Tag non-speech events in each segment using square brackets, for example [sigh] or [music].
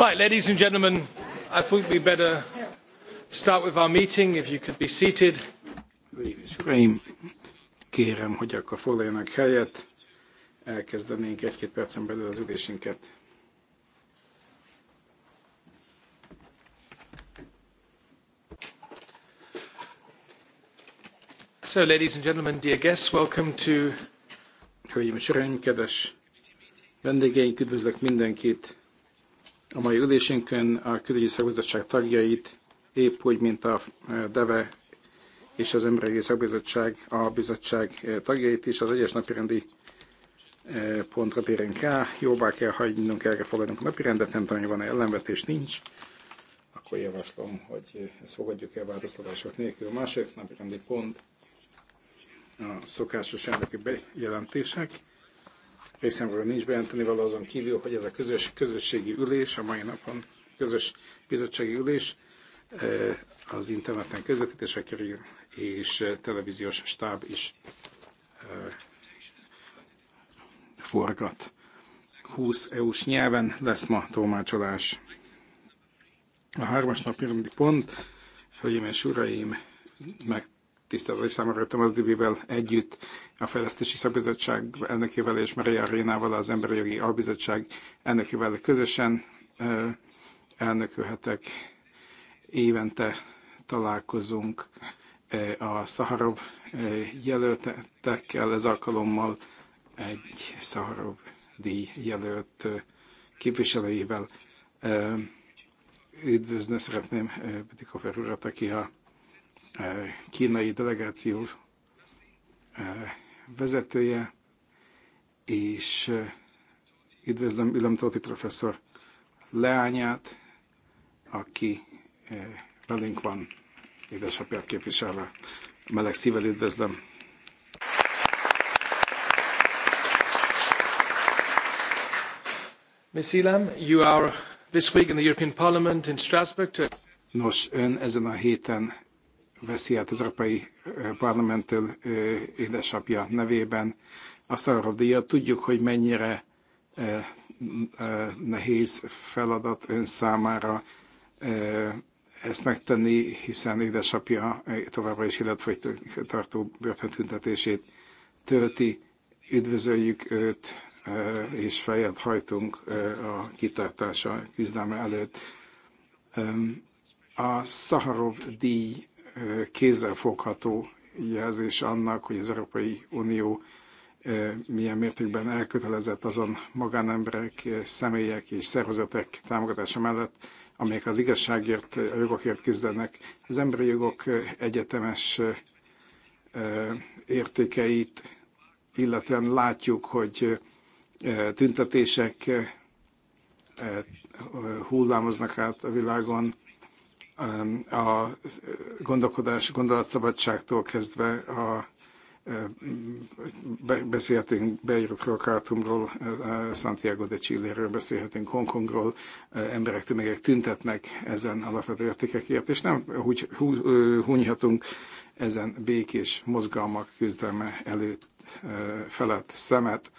Right, ladies and gentlemen, I think we better start with our meeting, if you could be seated. Uraim, kérem, hogy akkor foglaljanak helyet. Elkezdenénk egy-két percen belül az ülésünket. So, ladies and gentlemen, dear guests, welcome to... Hölgyeim és uraim, kedves vendégeink, üdvözlök mindenkit a mai ülésünkön a külügyi szakbizottság tagjait, épp úgy, mint a e, DEVE és az Emberi Szakbizottság, a bizottság e, tagjait is, az egyes napirendi e, pontra térünk rá. Jóvá kell hagynunk, erre fogadunk a napirendet, nem tudom, hogy van-e ellenvetés, nincs. Akkor javaslom, hogy ezt fogadjuk el változtatások nélkül. A második napirendi pont a szokásos elnöki bejelentések részemről nincs bejelenteni való azon kívül, hogy ez a közös, közösségi ülés, a mai napon közös bizottsági ülés e, az interneten közvetítésre kerül, és televíziós stáb is e, forgat. 20 EU-s nyelven lesz ma tolmácsolás. A hármas napi pont, hölgyeim és uraim, meg tisztelet, számára számomra Dibivel együtt a Fejlesztési Szakbizottság elnökével és Maria Rénával, az Emberi Jogi Albizottság elnökével közösen elnökülhetek. Évente találkozunk a Szaharov jelöltekkel, ez alkalommal egy Szaharov díj jelölt képviselőivel. Üdvözlő szeretném Betikofer urat, aki a Eh, kínai delegáció eh, vezetője, és eh, üdvözlöm Ülöm Tóti professzor leányát, aki velünk van, édesapját képviselve. Meleg szívvel üdvözlöm. Miss Ilem, you are this week in the European Parliament in Strasbourg to... Nos, ön ezen a héten veszi át az Európai Parlamenttől édesapja nevében a Szarov díjat. Tudjuk, hogy mennyire nehéz feladat ön számára ezt megtenni, hiszen édesapja továbbra is tartó börtöntüntetését tölti. Üdvözöljük őt, és fejet hajtunk a kitartása küzdelme előtt. A Szaharov díj kézzelfogható jelzés annak, hogy az Európai Unió milyen mértékben elkötelezett azon magánemberek, személyek és szervezetek támogatása mellett, amelyek az igazságért, a jogokért küzdenek. Az emberi jogok egyetemes értékeit, illetően látjuk, hogy tüntetések hullámoznak át a világon, a gondolkodás, gondolatszabadságtól kezdve a beszélhetünk beíratról, Kártumról, Santiago de Chile-ről, beszélhetünk Hongkongról, emberek tömegek tüntetnek ezen alapvető értékekért, és nem úgy hunyhatunk ezen békés mozgalmak küzdelme előtt felett szemet.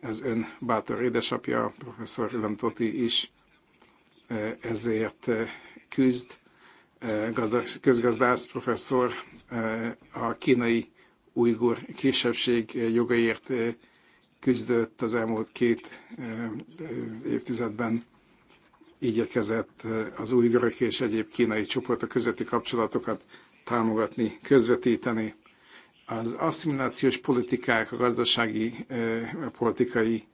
Ez ön bátor édesapja, professzor Ilan Toti is ezért küzd, közgazdász professzor a kínai ujgur kisebbség jogaiért küzdött az elmúlt két évtizedben, igyekezett az ujgurok és egyéb kínai csoportok közötti kapcsolatokat támogatni, közvetíteni. Az asszimilációs politikák, a gazdasági, a politikai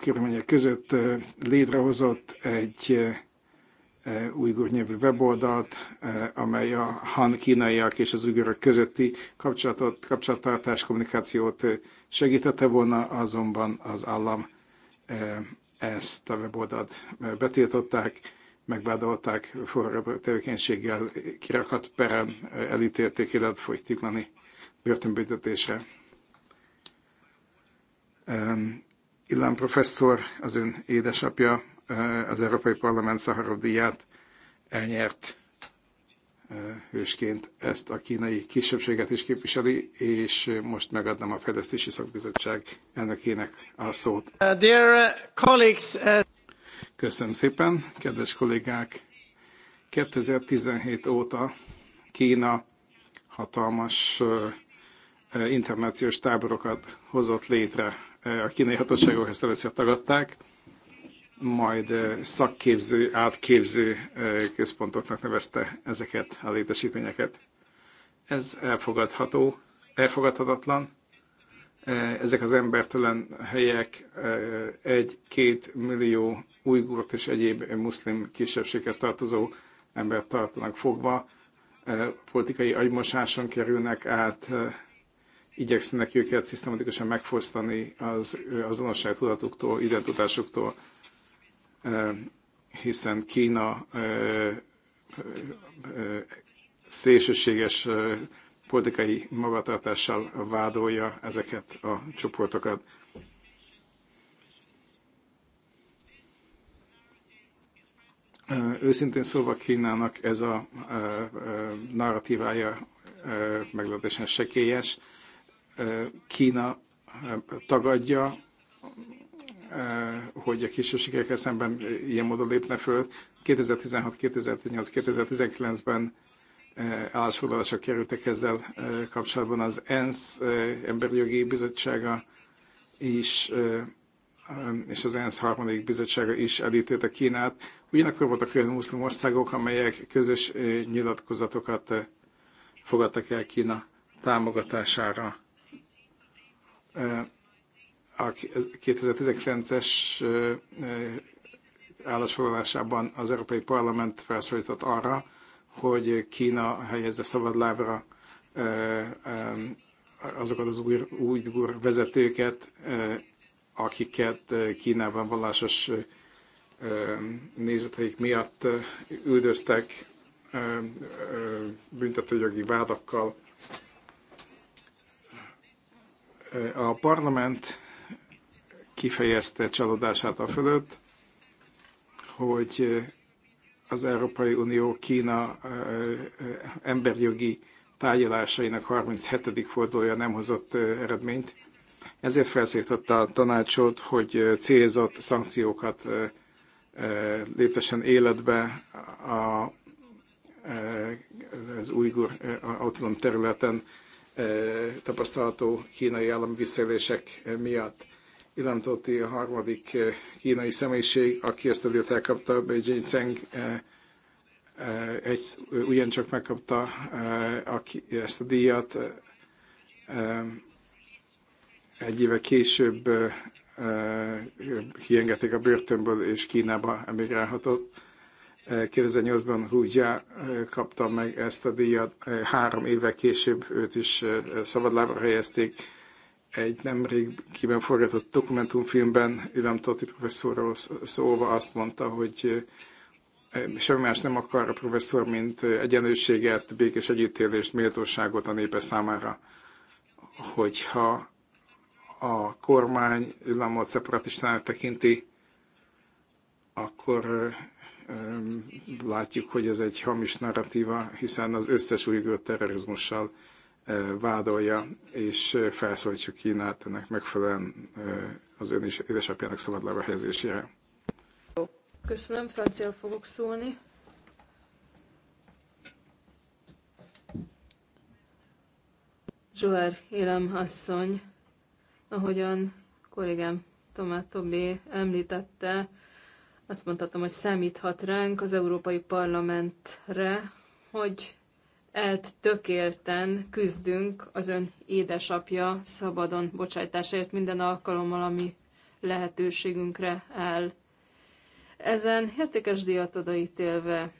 körülmények között létrehozott egy újgur nyelvű weboldalt, amely a han kínaiak és az ugörök közötti kapcsolatot, kapcsolattartás kommunikációt segítette volna, azonban az állam ezt a weboldalt betiltották, megvádolták forradó tevékenységgel, kirakat peren elítélték folytiglani börtönbüntetésre. Illán professzor, az ön édesapja az Európai Parlament Szaharov díját elnyert hősként ezt a kínai kisebbséget is képviseli, és most megadnám a Fejlesztési Szakbizottság elnökének a szót. Uh, dear uh, colleagues, uh, Köszönöm szépen, kedves kollégák! 2017 óta Kína hatalmas internációs táborokat hozott létre a kínai hatóságok ezt először tagadták, majd szakképző, átképző központoknak nevezte ezeket a létesítményeket. Ez elfogadható, elfogadhatatlan. Ezek az embertelen helyek egy-két millió ujgurt és egyéb muszlim kisebbséghez tartozó embert tartanak fogva, politikai agymosáson kerülnek át, igyekszenek őket szisztematikusan megfosztani az azonosságtudatuktól, identitásuktól, hiszen Kína szélsőséges politikai magatartással vádolja ezeket a csoportokat. Őszintén szólva Kínának ez a narratívája meglehetősen sekélyes Kína tagadja, hogy a kisebbségekkel szemben ilyen módon lépne föl. 2016, 2018, 2019-ben állásfoglalásra kerültek ezzel kapcsolatban az ENSZ Emberi Jogi Bizottsága is és az ENSZ harmadik bizottsága is elítélte Kínát. Ugyanakkor voltak olyan muszlim országok, amelyek közös nyilatkozatokat fogadtak el Kína támogatására a 2019-es állásfoglalásában az Európai Parlament felszólított arra, hogy Kína helyezze szabadlábra azokat az új, újgur vezetőket, akiket Kínában vallásos nézeteik miatt üldöztek büntetőjogi vádakkal, a parlament kifejezte csalódását a fölött, hogy az Európai Unió Kína emberjogi tárgyalásainak 37. fordulója nem hozott eredményt. Ezért felszította a tanácsot, hogy célzott szankciókat léptesen életbe az újgur autonóm területen tapasztalható kínai állami visszaélések miatt. Ilan Toti a harmadik kínai személyiség, aki ezt a díjat elkapta, Beijing Zheng egy, ugyancsak megkapta aki ezt a díjat. Egy éve később kiengedték a börtönből, és Kínába emigrálhatott 2008-ban Rúgyá eh, kapta meg ezt a díjat, eh, három évvel később őt is eh, szabadlábra helyezték. Egy nemrég kiben forgatott dokumentumfilmben Ülem Toti professzorról szólva azt mondta, hogy semmi más nem akar a professzor, mint egyenlőséget, békés együttélést, méltóságot a népe számára. Hogyha a kormány Ülemot szeparatistának tekinti, akkor látjuk, hogy ez egy hamis narratíva, hiszen az összes újgó terrorizmussal vádolja, és felszólítjuk Kínát ennek megfelelően az ön is édesapjának szabad levehezésére. Köszönöm, francia fogok szólni. Zsuár Élem asszony, ahogyan kollégám Tomá Tobé említette, azt mondhatom, hogy számíthat ránk az Európai Parlamentre, hogy tökélten küzdünk az ön édesapja szabadon bocsájtásáért minden alkalommal, ami lehetőségünkre áll. Ezen értékes díjat odaítélve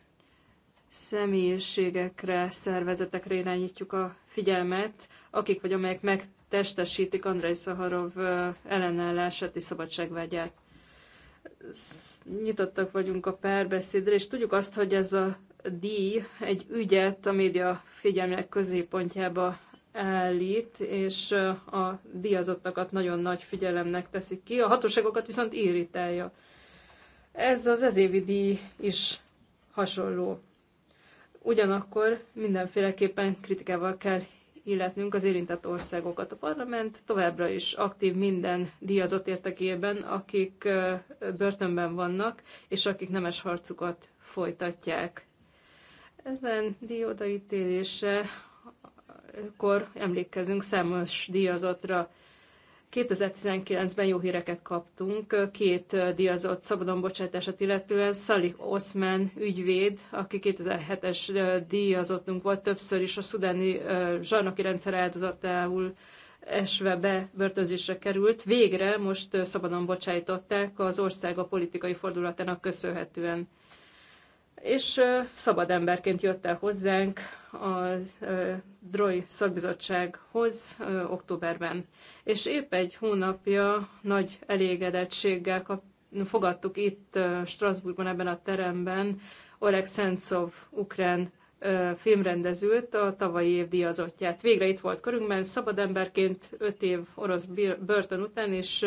személyiségekre, szervezetekre irányítjuk a figyelmet, akik vagy amelyek megtestesítik Andrei Szaharov ellenállását és szabadságvágyát nyitottak vagyunk a párbeszédre, és tudjuk azt, hogy ez a díj egy ügyet a média figyelmének középpontjába állít, és a díjazottakat nagyon nagy figyelemnek teszik ki, a hatóságokat viszont irritálja. Ez az ezévi díj is hasonló. Ugyanakkor mindenféleképpen kritikával kell illetnünk az érintett országokat. A parlament továbbra is aktív minden díjazott értekében, akik börtönben vannak, és akik nemes harcukat folytatják. Ezen díj odaítélése, akkor emlékezünk számos díjazatra, 2019-ben jó híreket kaptunk, két díjazott szabadon bocsátását illetően Szalik Oszmen ügyvéd, aki 2007-es díjazottunk volt, többször is a szudáni zsarnoki rendszer áldozatául esve be börtönzésre került. Végre most szabadon bocsájtották az ország a politikai fordulatának köszönhetően. És szabad emberként jött el hozzánk, a DROI szakbizottsághoz októberben. És épp egy hónapja nagy elégedettséggel kap, fogadtuk itt Strasbourgban, ebben a teremben Oleg Szentszov, ukrán filmrendezőt, a tavalyi év díjazottját. Végre itt volt körünkben, szabad emberként, öt év orosz börtön után, és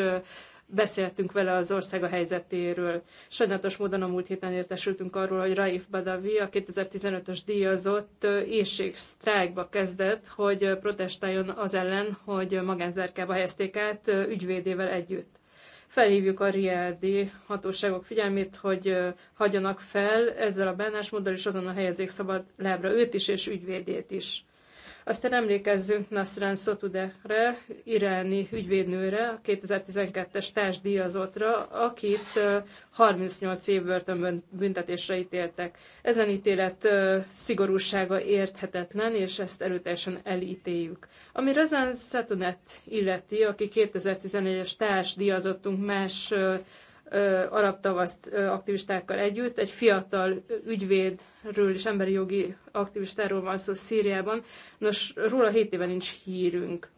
Beszéltünk vele az a helyzetéről. Sajnálatos módon a múlt héten értesültünk arról, hogy Raif Badavi, a 2015-ös díjazott éjség sztrájkba kezdett, hogy protestáljon az ellen, hogy magánzárkába helyezték át ügyvédével együtt felhívjuk a riádi hatóságok figyelmét, hogy hagyjanak fel ezzel a bánásmóddal, és azon a helyezék szabad lábra őt is, és ügyvédét is. Aztán emlékezzünk Nasran Sotudehre, iráni ügyvédnőre, a 2012-es társdíjazottra, akit 38 év börtönben büntetésre ítéltek. Ezen ítélet szigorúsága érthetetlen, és ezt erőteljesen elítéljük. Ami Rezan Szatunet illeti, aki 2011 es társdíjazottunk más arab tavaszt aktivistákkal együtt. Egy fiatal ügyvédről és emberi jogi aktivistáról van szó Szíriában. Nos, róla hét éve nincs hírünk.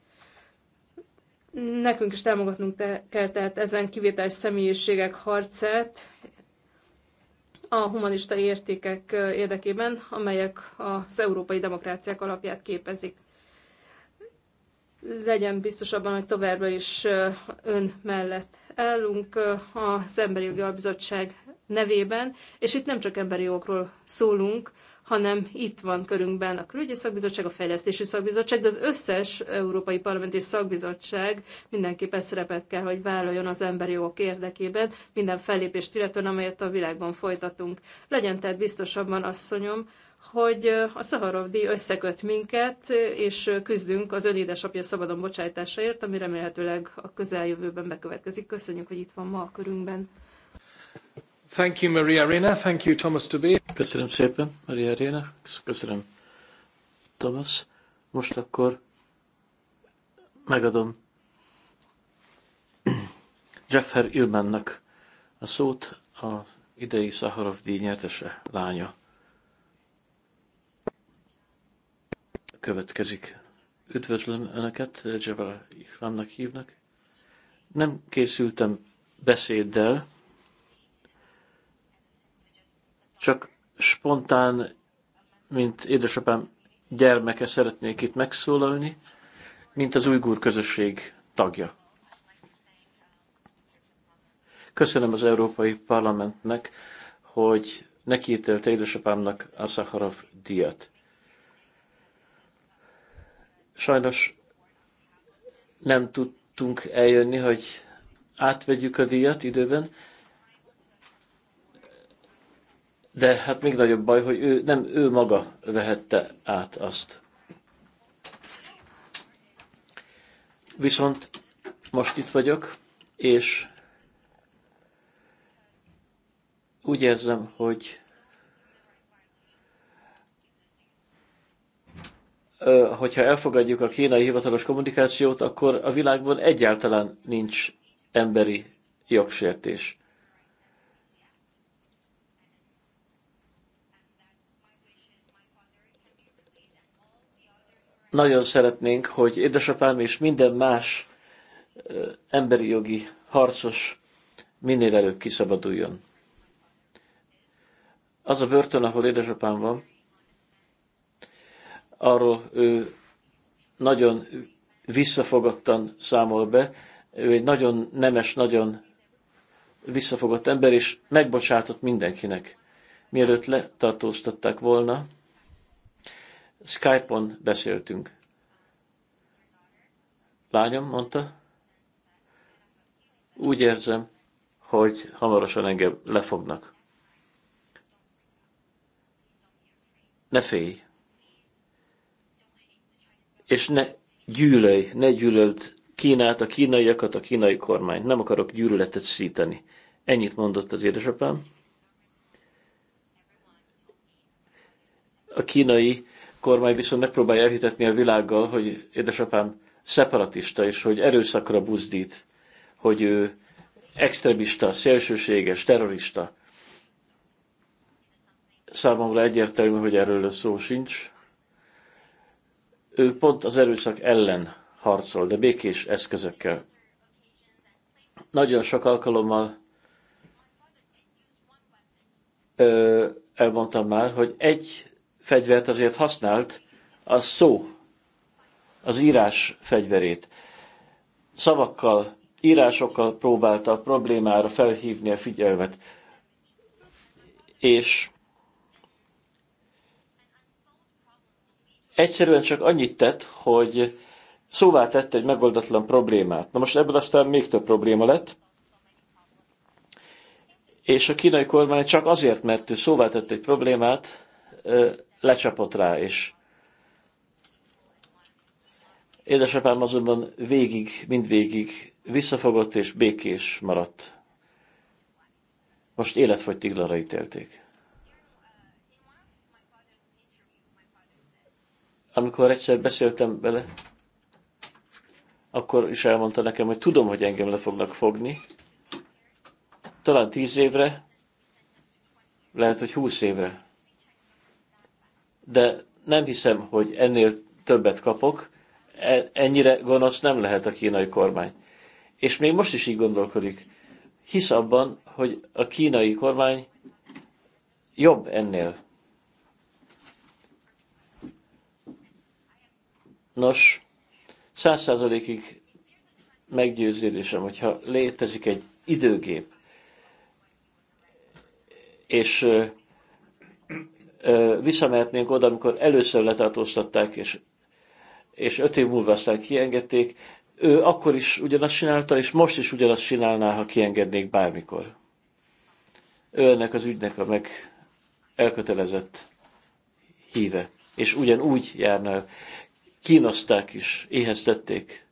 Nekünk is támogatnunk te- kell tehát ezen kivételes személyiségek harcát a humanista értékek érdekében, amelyek az európai demokráciák alapját képezik legyen biztos abban, hogy továbbra is ön mellett állunk az Emberi Jogi Albizottság nevében, és itt nem csak emberi jogokról szólunk, hanem itt van körünkben a Külügyi Szakbizottság, a Fejlesztési Szakbizottság, de az összes Európai Parlamenti Szakbizottság mindenképpen szerepet kell, hogy vállaljon az emberi jogok érdekében, minden fellépést illetően, amelyet a világban folytatunk. Legyen tehát biztosabban, asszonyom, hogy a Szaharovdi összeköt minket, és küzdünk az ön édesapja szabadon bocsájtásaért, ami remélhetőleg a közeljövőben bekövetkezik. Köszönjük, hogy itt van ma a körünkben. Thank you, Maria Arena. Thank you, Thomas Tobé. Köszönöm szépen, Maria Arena. Köszönöm, Thomas. Most akkor megadom Jeffer Ilmannak a szót, a idei Szaharovdi nyertese lánya. következik. Üdvözlöm Önöket, Javala Ihlamnak hívnak. Nem készültem beszéddel, csak spontán, mint édesapám gyermeke szeretnék itt megszólalni, mint az újgúr közösség tagja. Köszönöm az Európai Parlamentnek, hogy nekiítélte édesapámnak a Szaharov díjat. Sajnos nem tudtunk eljönni, hogy átvegyük a díjat időben, de hát még nagyobb baj, hogy ő, nem ő maga vehette át azt. Viszont most itt vagyok, és úgy érzem, hogy hogyha elfogadjuk a kínai hivatalos kommunikációt, akkor a világban egyáltalán nincs emberi jogsértés. Nagyon szeretnénk, hogy édesapám és minden más emberi jogi harcos minél előbb kiszabaduljon. Az a börtön, ahol édesapám van, arról ő nagyon visszafogottan számol be, ő egy nagyon nemes, nagyon visszafogott ember, és megbocsátott mindenkinek. Mielőtt letartóztatták volna, Skype-on beszéltünk. Lányom, mondta, úgy érzem, hogy hamarosan engem lefognak. Ne félj! és ne gyűlölj, ne gyűlöld Kínát, a kínaiakat, a kínai kormányt. Nem akarok gyűlöletet szíteni. Ennyit mondott az édesapám. A kínai kormány viszont megpróbálja elhitetni a világgal, hogy édesapám szeparatista, és hogy erőszakra buzdít, hogy ő extremista, szélsőséges, terrorista. Számomra egyértelmű, hogy erről szó sincs. Ő pont az erőszak ellen harcol, de békés eszközökkel. Nagyon sok alkalommal ö, elmondtam már, hogy egy fegyvert azért használt, a szó, az írás fegyverét. Szavakkal, írásokkal próbálta a problémára felhívni a figyelmet. És egyszerűen csak annyit tett, hogy szóvá tett egy megoldatlan problémát. Na most ebből aztán még több probléma lett, és a kínai kormány csak azért, mert ő szóvá tett egy problémát, lecsapott rá, és édesapám azonban végig, mindvégig visszafogott és békés maradt. Most életfogytiglanra ítélték. Amikor egyszer beszéltem vele, akkor is elmondta nekem, hogy tudom, hogy engem le fognak fogni. Talán tíz évre, lehet, hogy húsz évre. De nem hiszem, hogy ennél többet kapok. E, ennyire gonosz nem lehet a kínai kormány. És még most is így gondolkodik. Hisz abban, hogy a kínai kormány jobb ennél. Nos, száz százalékig meggyőződésem, hogyha létezik egy időgép, és ö, ö, visszamehetnénk oda, amikor először letartóztatták, és, és öt év múlva aztán kiengedték, ő akkor is ugyanazt csinálta, és most is ugyanazt csinálná, ha kiengednék bármikor. Ő ennek az ügynek a meg elkötelezett híve, és ugyanúgy járna kínozták is, éheztették.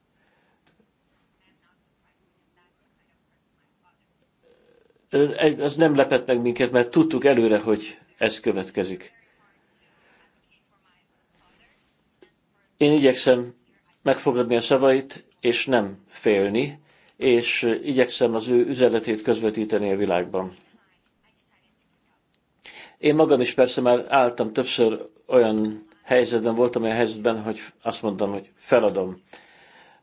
Ez nem lepett meg minket, mert tudtuk előre, hogy ez következik. Én igyekszem megfogadni a szavait, és nem félni, és igyekszem az ő üzenetét közvetíteni a világban. Én magam is persze már álltam többször olyan helyzetben, voltam olyan helyzetben, hogy azt mondtam, hogy feladom,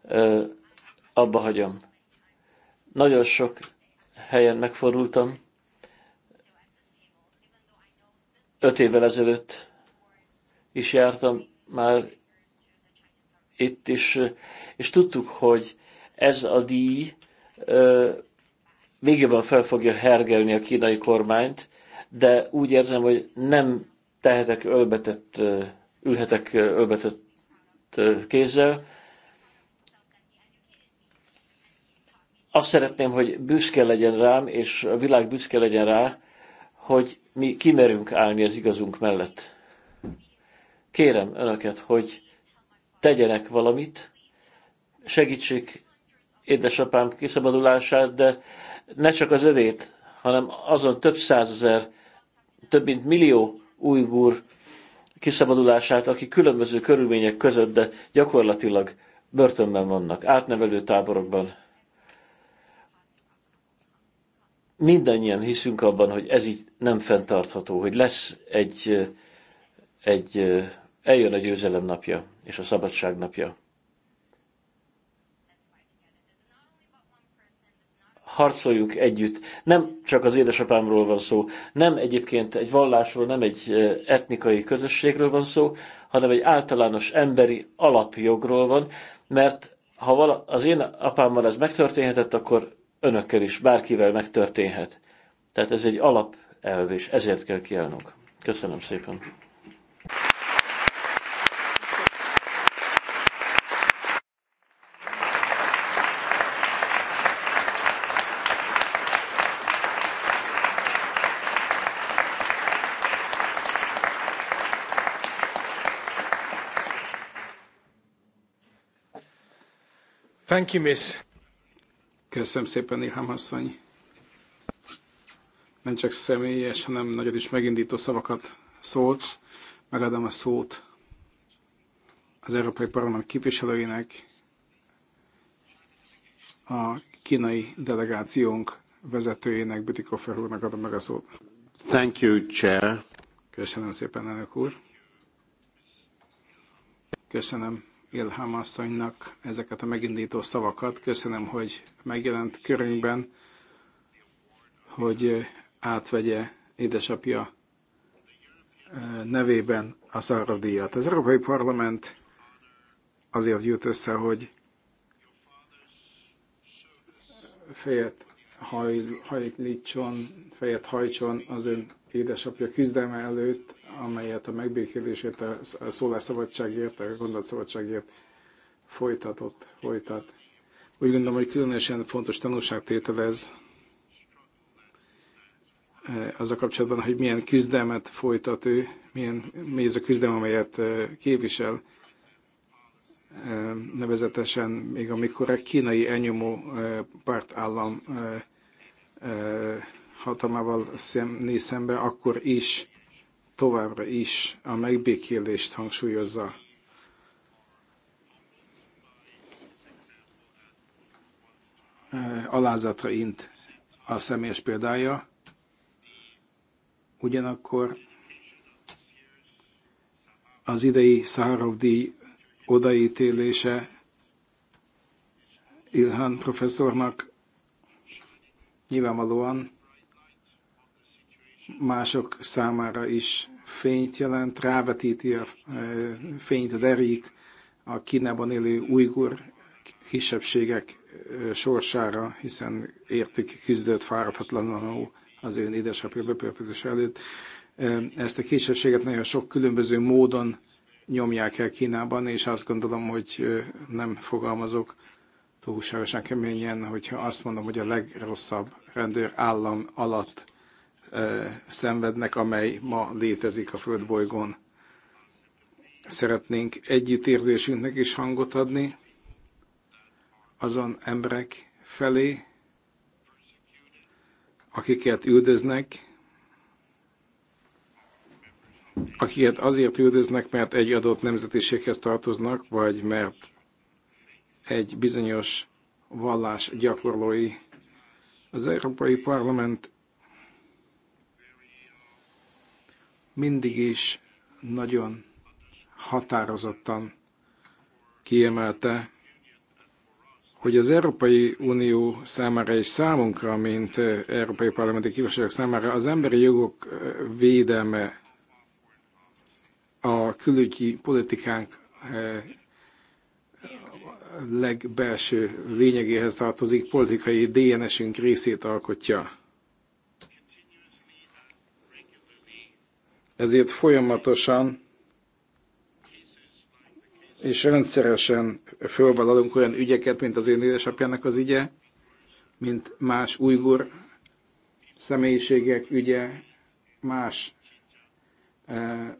ö, abba hagyom. Nagyon sok helyen megfordultam. Öt évvel ezelőtt is jártam már itt is, és tudtuk, hogy ez a díj még jobban fel fogja hergelni a kínai kormányt, de úgy érzem, hogy nem tehetek ölbetett ülhetek ölbetett kézzel. Azt szeretném, hogy büszke legyen rám, és a világ büszke legyen rá, hogy mi kimerünk állni az igazunk mellett. Kérem önöket, hogy tegyenek valamit, segítsék édesapám kiszabadulását, de ne csak az övét, hanem azon több százezer, több mint millió újgur kiszabadulását, aki különböző körülmények között, de gyakorlatilag börtönben vannak, átnevelő táborokban. Mindannyian hiszünk abban, hogy ez így nem fenntartható, hogy lesz egy, egy eljön a győzelem napja és a szabadság napja. harcoljuk együtt. Nem csak az édesapámról van szó, nem egyébként egy vallásról, nem egy etnikai közösségről van szó, hanem egy általános emberi alapjogról van, mert ha vala, az én apámmal ez megtörténhetett, akkor önökkel is, bárkivel megtörténhet. Tehát ez egy alapelv, és ezért kell kiállnunk. Köszönöm szépen! Thank you, miss. Köszönöm szépen, Ilham asszony. Nem csak személyes, hanem nagyon is megindító szavakat szólt. Megadom a szót az Európai Parlament képviselőinek, a kínai delegációnk vezetőjének, Bütikofer úrnak adom meg a szót. Thank you, Chair. Köszönöm szépen, elnök úr. Köszönöm Ilham asszonynak ezeket a megindító szavakat. Köszönöm, hogy megjelent körünkben, hogy átvegye édesapja e, nevében a Szarra díjat. Az Európai Parlament azért jut össze, hogy fejet haj, hajlítson, fejet hajtson az ön édesapja küzdelme előtt, amelyet a megbékélését, a szólásszabadságért, a gondolatszabadságért folytatott, folytat. Úgy gondolom, hogy különösen fontos tanulságtétel ez e, az a kapcsolatban, hogy milyen küzdelmet folytat ő, milyen, mi ez a küzdelem, amelyet e, képvisel, e, nevezetesen még amikor egy kínai elnyomó pártállam hatalmával néz szembe, akkor is továbbra is a megbékélést hangsúlyozza. Eh, alázatra int a személyes példája, ugyanakkor az idei Szaharov díj odaítélése Ilhan professzornak nyilvánvalóan mások számára is fényt jelent, rávetíti a e, fényt, a derít a Kínában élő ujgur kisebbségek e, sorsára, hiszen értük küzdött fáradhatatlanul az ön édesapja bepörtözés előtt. E, ezt a kisebbséget nagyon sok különböző módon nyomják el Kínában, és azt gondolom, hogy nem fogalmazok túlságosan keményen, hogyha azt mondom, hogy a legrosszabb rendőr állam alatt szenvednek, amely ma létezik a Földbolygón. Szeretnénk együttérzésünknek is hangot adni azon emberek felé, akiket üldöznek, akiket azért üldöznek, mert egy adott nemzetiséghez tartoznak, vagy mert egy bizonyos vallás gyakorlói. Az Európai Parlament mindig is nagyon határozottan kiemelte, hogy az Európai Unió számára és számunkra, mint eh, Európai Parlamenti képviselők számára az emberi jogok eh, védelme a külügyi politikánk eh, legbelső lényegéhez tartozik, politikai DNS-ünk részét alkotja. Ezért folyamatosan és rendszeresen fölvállalunk olyan ügyeket, mint az én édesapjának az ügye, mint más ujgur személyiségek ügye, más e,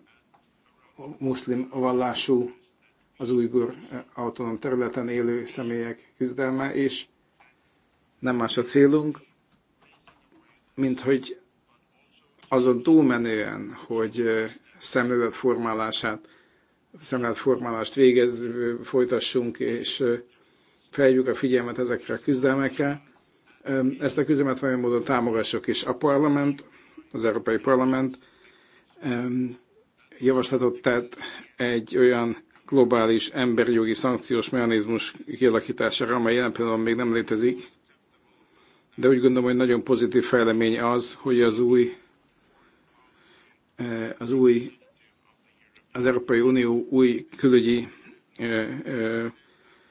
muszlim vallású, az ujgur e, autonóm területen élő személyek küzdelme, és nem más a célunk, mint hogy azon túlmenően, hogy szemléletformálását, szemléletformálást végez, folytassunk, és feljük a figyelmet ezekre a küzdelmekre, ezt a küzdelmet valamilyen módon támogassuk is. A parlament, az Európai Parlament javaslatot tett egy olyan globális emberi jogi szankciós mechanizmus kialakítására, amely jelen pillanatban még nem létezik, de úgy gondolom, hogy nagyon pozitív fejlemény az, hogy az új Eh, az új, az Európai Unió új külügyi eh, eh,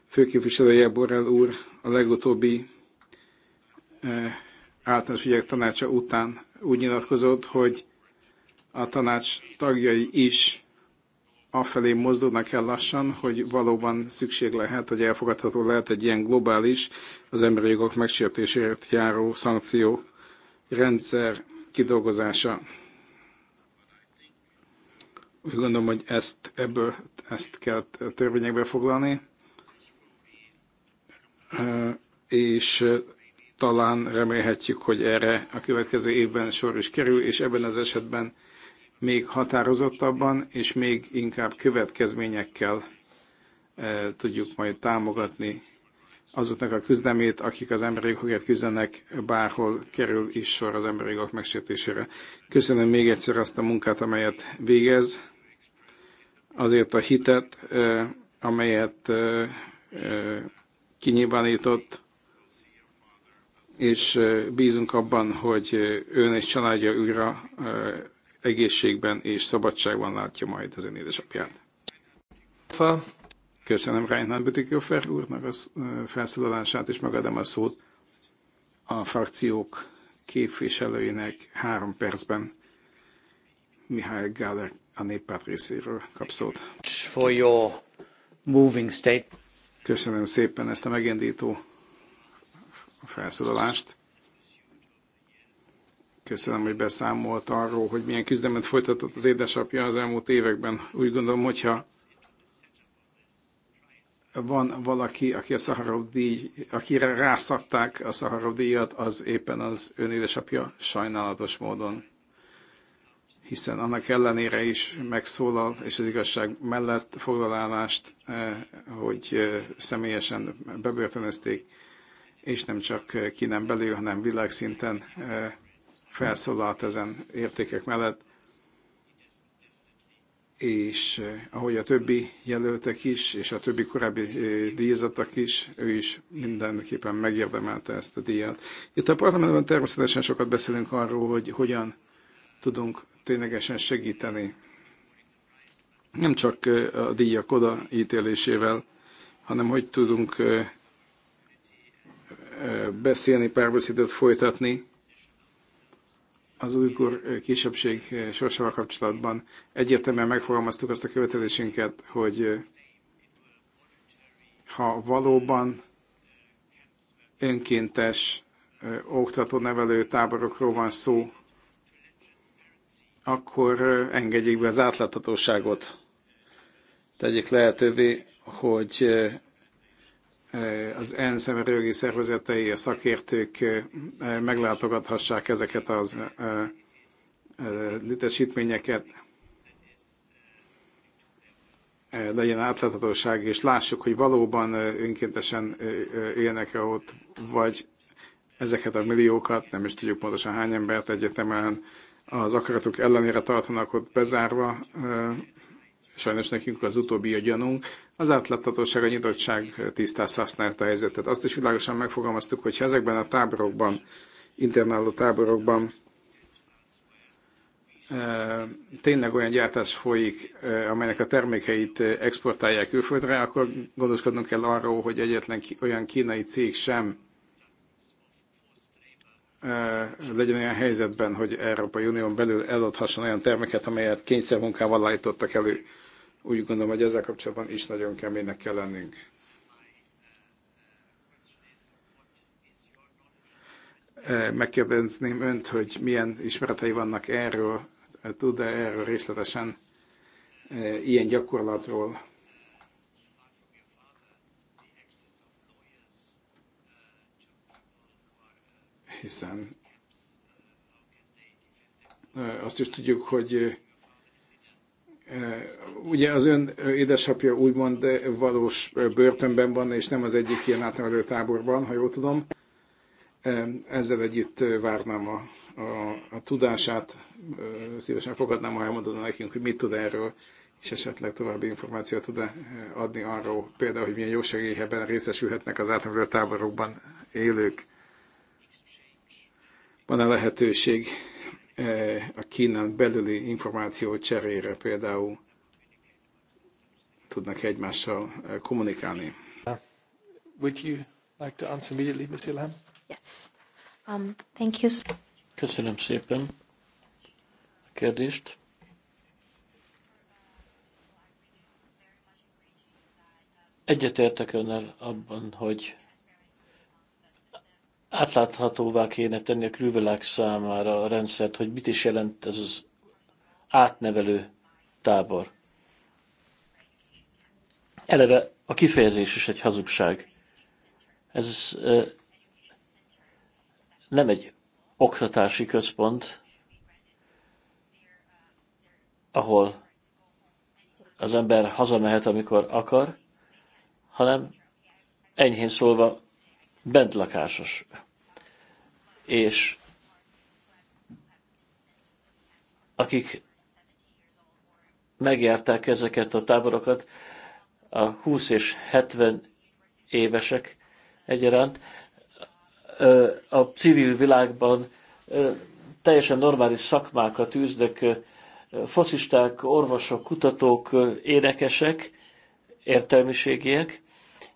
főképviselője Borrell úr a legutóbbi általános ügyek tanácsa után úgy nyilatkozott, hogy a tanács tagjai is afelé mozdulnak el lassan, hogy valóban szükség lehet, hogy elfogadható lehet egy ilyen globális, az emberi jogok megsértéséért járó szankció rendszer kidolgozása. Úgy gondolom, hogy ezt, ebből, ezt kell törvényekbe foglalni, és talán remélhetjük, hogy erre a következő évben sor is kerül, és ebben az esetben még határozottabban és még inkább következményekkel tudjuk majd támogatni azoknak a küzdemét, akik az emberi jogokért küzdenek, bárhol kerül is sor az emberi jogok megsértésére. Köszönöm még egyszer azt a munkát, amelyet végez azért a hitet, amelyet kinyilvánított, és bízunk abban, hogy ön és családja újra egészségben és szabadságban látja majd az ön édesapját. Köszönöm Reinhard Bütikofer úrnak a felszólalását, és megadom a szót a frakciók képviselőinek három percben. Mihály Gáler a néppárt részéről kap szót. For your moving state. Köszönöm szépen ezt a megindító felszólalást. Köszönöm, hogy beszámolt arról, hogy milyen küzdelmet folytatott az édesapja az elmúlt években. Úgy gondolom, hogyha van valaki, aki a Szaharov díj, akire rászabták a Szaharov díjat, az éppen az ön édesapja sajnálatos módon hiszen annak ellenére is megszólal, és az igazság mellett foglalálást, eh, hogy eh, személyesen bebörtönözték, és nem csak ki nem belül, hanem világszinten eh, felszólalt ezen értékek mellett, és ahogy a többi jelöltek is, és a többi korábbi díjazatok is, ő is mindenképpen megérdemelte ezt a díjat. Itt a parlamentben természetesen sokat beszélünk arról, hogy hogyan tudunk ténylegesen segíteni. Nem csak a díjak ítélésével, hanem hogy tudunk beszélni, párbeszédet folytatni az újkor kisebbség sorsával kapcsolatban. Egyértelműen megfogalmaztuk azt a követelésünket, hogy ha valóban önkéntes oktató-nevelő táborokról van szó, akkor engedjék be az átláthatóságot. Tegyék lehetővé, hogy az ENSZ emberi szervezetei, a szakértők meglátogathassák ezeket az létesítményeket. Legyen átláthatóság, és lássuk, hogy valóban önkéntesen élnek -e ott, vagy ezeket a milliókat, nem is tudjuk pontosan hány embert egyetemen az akaratok ellenére tartanak ott bezárva, sajnos nekünk az utóbbi a gyanunk. Az átláthatóság, a nyitottság tisztás használta a helyzetet. Azt is világosan megfogalmaztuk, hogy ezekben a táborokban, internáló táborokban tényleg olyan gyártás folyik, amelynek a termékeit exportálják külföldre, akkor gondoskodnunk kell arról, hogy egyetlen olyan kínai cég sem E, legyen olyan helyzetben, hogy Európai Unión belül eladhasson olyan terméket, amelyet kényszermunkával állítottak elő. Úgy gondolom, hogy ezzel kapcsolatban is nagyon keménynek kell lennünk. E, megkérdezném önt, hogy milyen ismeretei vannak erről, e, tud-e erről részletesen ilyen gyakorlatról, hiszen azt is tudjuk, hogy ugye az ön édesapja úgymond valós börtönben van, és nem az egyik ilyen átnevelő táborban, ha jól tudom. Ezzel együtt várnám a, a, a tudását, szívesen fogadnám, ha elmondaná nekünk, hogy mit tud erről, és esetleg további információt tud adni arról, például, hogy milyen jogsegélyheben részesülhetnek az átnevelő táborokban élők. Van-e lehetőség e, a Kínán belüli információ cserére például tudnak egymással e, kommunikálni? Uh, would you like to answer immediately, Ms. Ilham? Yes. Um, thank you. Köszönöm szépen a kérdést. Egyetértek önnel abban, hogy átláthatóvá kéne tenni a külvilág számára a rendszert, hogy mit is jelent ez az átnevelő tábor. Eleve a kifejezés is egy hazugság. Ez nem egy oktatási központ, ahol az ember hazamehet, amikor akar, hanem enyhén szólva bentlakásos. És akik megjárták ezeket a táborokat, a 20 és 70 évesek egyaránt, a civil világban teljesen normális szakmákat űznek, focisták, orvosok, kutatók, énekesek, értelmiségiek,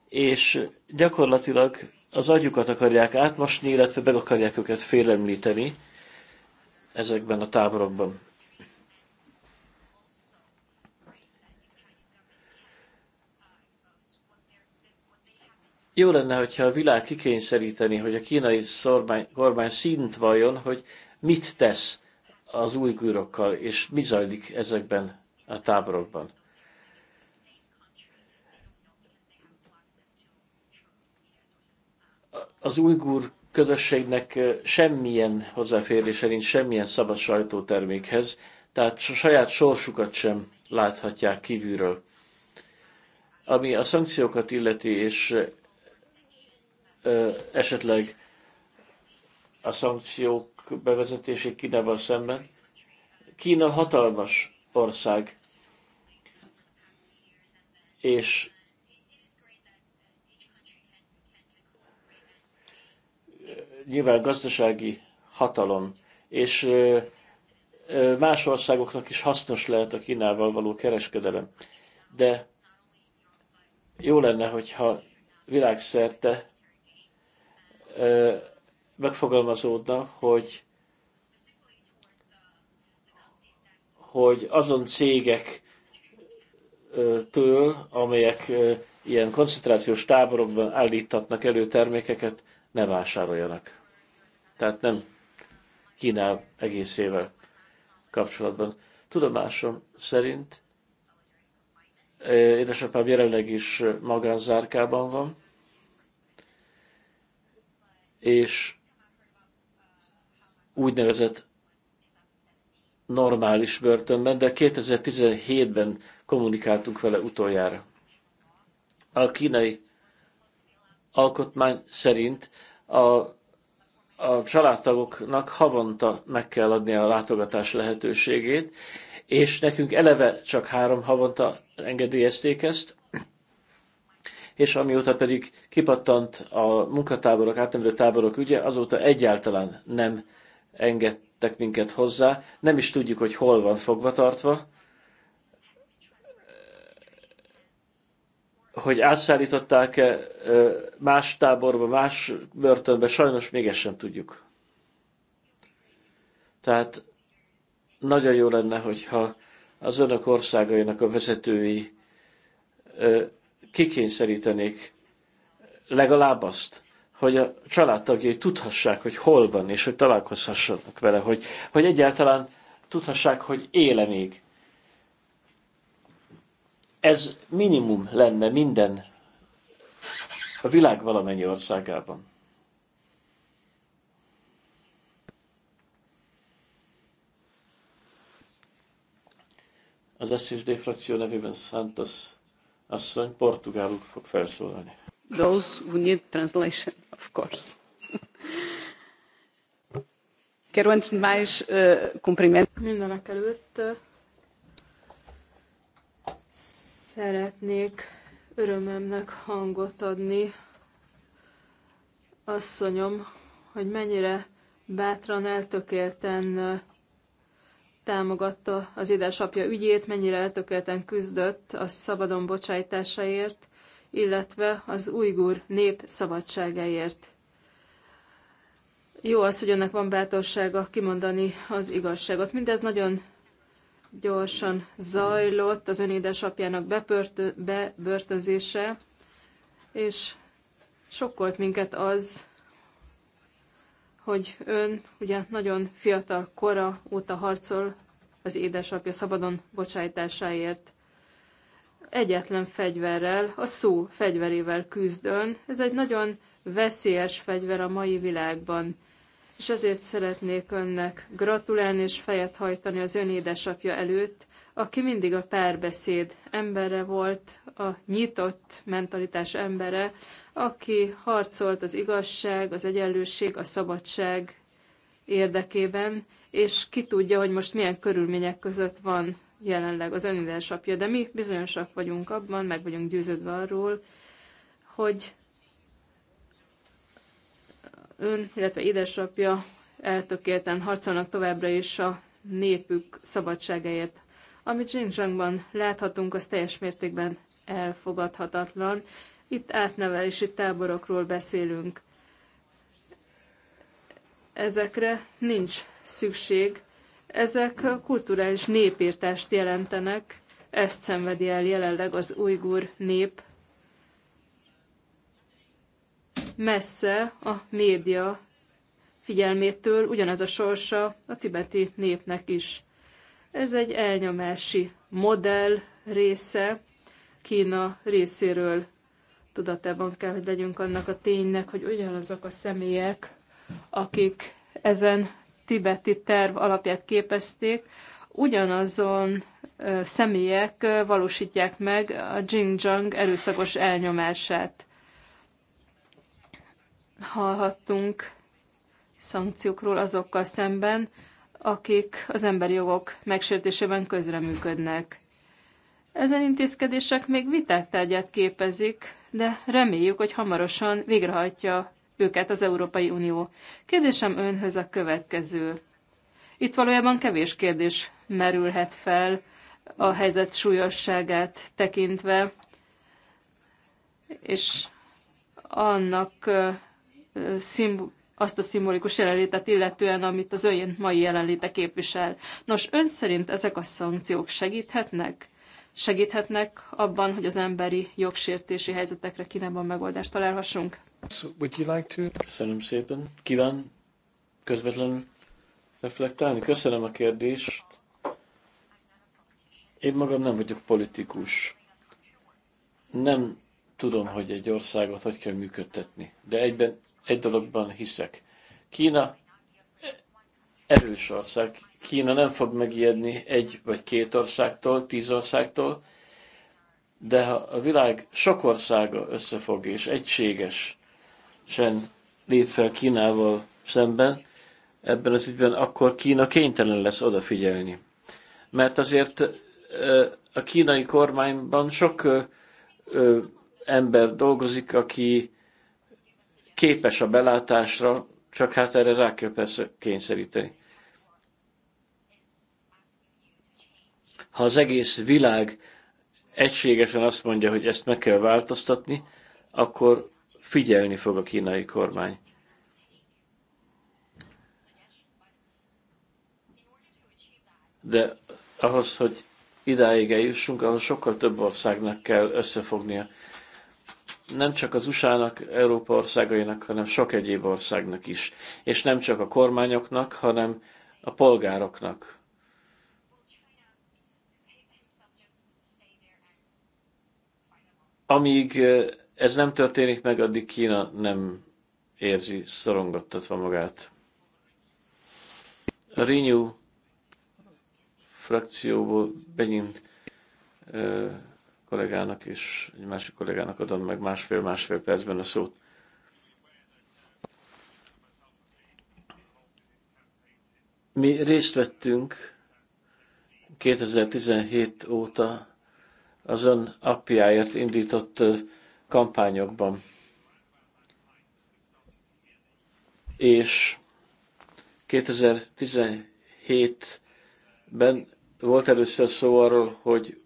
és gyakorlatilag az agyukat akarják átmosni, illetve meg akarják őket félemlíteni ezekben a táborokban. Jó lenne, hogyha a világ kikényszeríteni, hogy a kínai szormány, kormány szint vajon, hogy mit tesz az újgúrokkal, és mi zajlik ezekben a táborokban. az ujgur közösségnek semmilyen hozzáférése nincs semmilyen szabad sajtótermékhez, tehát saját sorsukat sem láthatják kívülről. Ami a szankciókat illeti, és esetleg a szankciók bevezetését Kínával szemben. Kína hatalmas ország, és nyilván gazdasági hatalom, és más országoknak is hasznos lehet a Kínával való kereskedelem. De jó lenne, hogyha világszerte megfogalmazódna, hogy hogy azon től, amelyek ilyen koncentrációs táborokban állítatnak elő termékeket, ne vásároljanak. Tehát nem Kínál egészével kapcsolatban. Tudomásom szerint édesapám jelenleg is magánzárkában van, és úgynevezett normális börtönben, de 2017-ben kommunikáltunk vele utoljára. A kínai alkotmány szerint a, a családtagoknak havonta meg kell adni a látogatás lehetőségét, és nekünk eleve csak három havonta engedélyezték ezt, és amióta pedig kipattant a munkatáborok, átemelő táborok ügye, azóta egyáltalán nem engedtek minket hozzá, nem is tudjuk, hogy hol van fogvatartva, hogy átszállították-e más táborba, más börtönbe, sajnos még ezt sem tudjuk. Tehát nagyon jó lenne, hogyha az önök országainak a vezetői kikényszerítenék legalább azt, hogy a családtagjai tudhassák, hogy hol van, és hogy találkozhassanak vele, hogy, hogy egyáltalán tudhassák, hogy éle még. Ez minimum lenne minden a világ valamennyi országában. Az SZSD frakció nevében Santos asszony portugálul fog felszólalni. Those who need translation, of course. Quero antes de mais uh, eh, cumprimentar. Mindenek előtt uh eh, Szeretnék örömömnek hangot adni, asszonyom, hogy mennyire bátran, eltökélten támogatta az édesapja ügyét, mennyire eltökélten küzdött a szabadon bocsájtásáért, illetve az újgur nép szabadságáért. Jó az, hogy önnek van bátorsága kimondani az igazságot. Mindez nagyon gyorsan zajlott az ön édesapjának bebörtözése, és sokkolt minket az, hogy ön ugye nagyon fiatal kora óta harcol az édesapja szabadon bocsájtásáért. Egyetlen fegyverrel, a szó fegyverével küzdön. Ez egy nagyon veszélyes fegyver a mai világban és ezért szeretnék önnek gratulálni és fejet hajtani az ön édesapja előtt, aki mindig a párbeszéd embere volt, a nyitott mentalitás embere, aki harcolt az igazság, az egyenlőség, a szabadság érdekében, és ki tudja, hogy most milyen körülmények között van jelenleg az ön édesapja, de mi bizonyosak vagyunk abban, meg vagyunk győződve arról, hogy ön, illetve édesapja eltökélten harcolnak továbbra is a népük szabadságáért. Amit Xinjiangban láthatunk, az teljes mértékben elfogadhatatlan. Itt átnevelési táborokról beszélünk. Ezekre nincs szükség. Ezek kulturális népírtást jelentenek, ezt szenvedi el jelenleg az ujgur nép messze a média figyelmétől ugyanez a sorsa a tibeti népnek is. Ez egy elnyomási modell része Kína részéről. Tudatában kell, hogy legyünk annak a ténynek, hogy ugyanazok a személyek, akik ezen tibeti terv alapját képezték, ugyanazon személyek valósítják meg a Xinjiang erőszakos elnyomását hallhattunk szankciókról azokkal szemben, akik az emberi jogok megsértésében közreműködnek. Ezen intézkedések még viták tárgyát képezik, de reméljük, hogy hamarosan végrehajtja őket az Európai Unió. Kérdésem önhöz a következő. Itt valójában kevés kérdés merülhet fel a helyzet súlyosságát tekintve, és annak szimb- azt a szimbolikus jelenlétet illetően, amit az ön mai jelenléte képvisel. Nos, ön szerint ezek a szankciók segíthetnek? Segíthetnek abban, hogy az emberi jogsértési helyzetekre Kínában megoldást találhassunk? Would you like to? Köszönöm szépen. Kíván közvetlenül reflektálni? Köszönöm a kérdést. Én magam nem vagyok politikus. Nem tudom, hogy egy országot hogy kell működtetni, de egyben egy dologban hiszek. Kína erős ország. Kína nem fog megijedni egy vagy két országtól, tíz országtól, de ha a világ sok országa összefog és egységesen lép fel Kínával szemben, ebben az ügyben, akkor Kína kénytelen lesz odafigyelni. Mert azért a kínai kormányban sok ember dolgozik, aki képes a belátásra, csak hát erre rá kell persze kényszeríteni. Ha az egész világ egységesen azt mondja, hogy ezt meg kell változtatni, akkor figyelni fog a kínai kormány. De ahhoz, hogy idáig eljussunk, ahhoz sokkal több országnak kell összefognia nem csak az USA-nak, Európa országainak, hanem sok egyéb országnak is. És nem csak a kormányoknak, hanem a polgároknak. Amíg ez nem történik meg, addig Kína nem érzi szorongattatva magát. A Renew frakcióból megint kollégának és egy másik kollégának adom meg másfél-másfél percben a szót. Mi részt vettünk 2017 óta az ön apjáért indított kampányokban. És 2017-ben volt először szó arról, hogy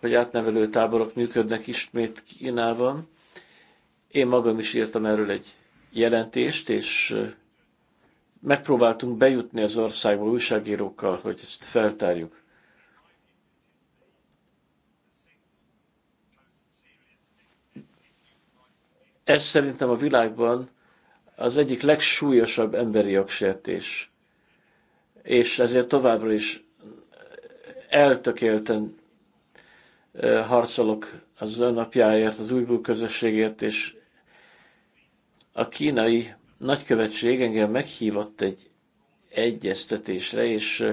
hogy átnevelő táborok működnek ismét Kínában. Én magam is írtam erről egy jelentést, és megpróbáltunk bejutni az országba újságírókkal, hogy ezt feltárjuk. Ez szerintem a világban az egyik legsúlyosabb emberi jogsértés. És ezért továbbra is eltökélten harcolok az ön az újgó közösségért, és a kínai nagykövetség engem meghívott egy egyeztetésre, és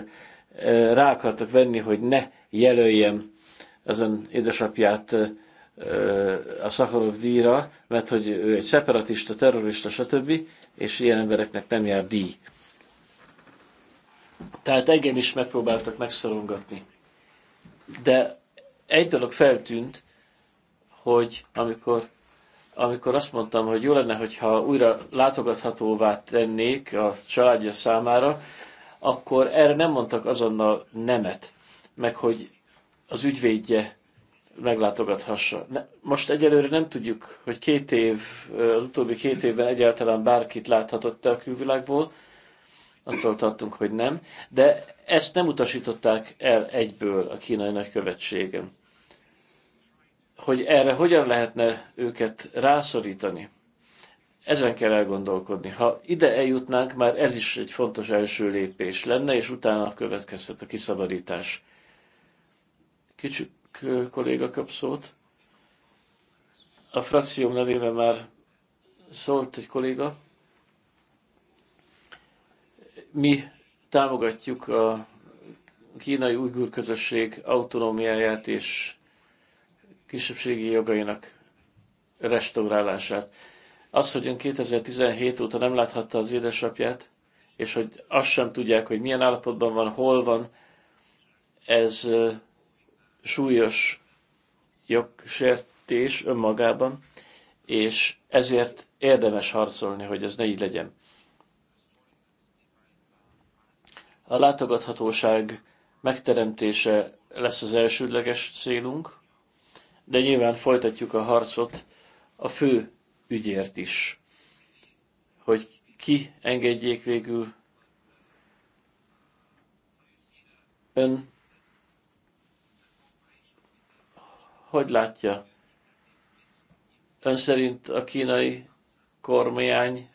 rá akartak venni, hogy ne jelöljem az ön édesapját a Szakarov díjra, mert hogy ő egy szeparatista, terrorista, stb., és ilyen embereknek nem jár díj. Tehát engem is megpróbáltak megszorongatni. De egy dolog feltűnt, hogy amikor, amikor azt mondtam, hogy jó lenne, hogyha újra látogathatóvá tennék a családja számára, akkor erre nem mondtak azonnal nemet, meg hogy az ügyvédje meglátogathassa. most egyelőre nem tudjuk, hogy két év, az utóbbi két évben egyáltalán bárkit láthatott a külvilágból, attól tartunk, hogy nem, de ezt nem utasították el egyből a kínai nagykövetségen. Hogy erre hogyan lehetne őket rászorítani, ezen kell elgondolkodni. Ha ide eljutnánk, már ez is egy fontos első lépés lenne, és utána következhet a kiszabadítás. Kicsik kolléga kap szót. A frakcióm nevében már szólt egy kolléga. Mi támogatjuk a kínai ujgur közösség autonómiáját és kisebbségi jogainak restaurálását. Az, hogy ön 2017 óta nem láthatta az édesapját, és hogy azt sem tudják, hogy milyen állapotban van, hol van, ez súlyos jogsértés önmagában, és ezért érdemes harcolni, hogy ez ne így legyen. A látogathatóság megteremtése lesz az elsődleges célunk, de nyilván folytatjuk a harcot a fő ügyért is, hogy ki engedjék végül ön hogy látja? Ön szerint a kínai kormány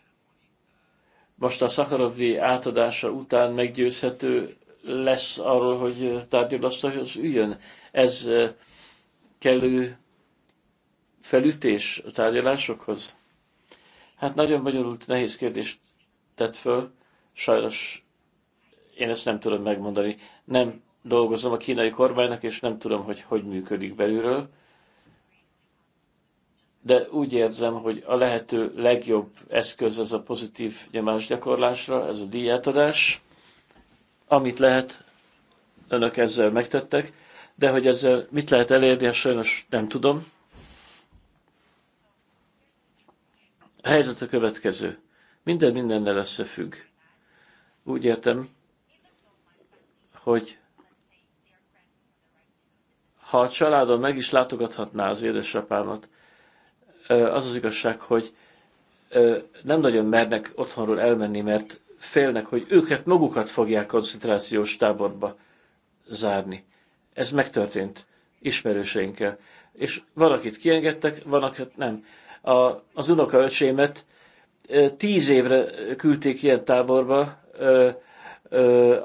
most a Szakharovdi átadása után meggyőzhető lesz arról, hogy tárgyalasztalhoz üljön. Ez kellő felütés a tárgyalásokhoz? Hát nagyon bonyolult, nehéz kérdést tett föl. Sajnos én ezt nem tudom megmondani. Nem dolgozom a kínai kormánynak, és nem tudom, hogy hogy működik belülről de úgy érzem, hogy a lehető legjobb eszköz ez a pozitív nyomásgyakorlásra, ez a díjátadás, amit lehet, önök ezzel megtettek, de hogy ezzel mit lehet elérni, azt sajnos nem tudom. A helyzet a következő. Minden mindennel összefügg. Úgy értem, hogy ha a családom meg is látogathatná az édesapámat, az az igazság, hogy nem nagyon mernek otthonról elmenni, mert félnek, hogy őket magukat fogják koncentrációs táborba zárni. Ez megtörtént ismerőseinkkel. És van, akit kiengedtek, van, akit nem. A, az unokaöcsémet tíz évre küldték ilyen táborba,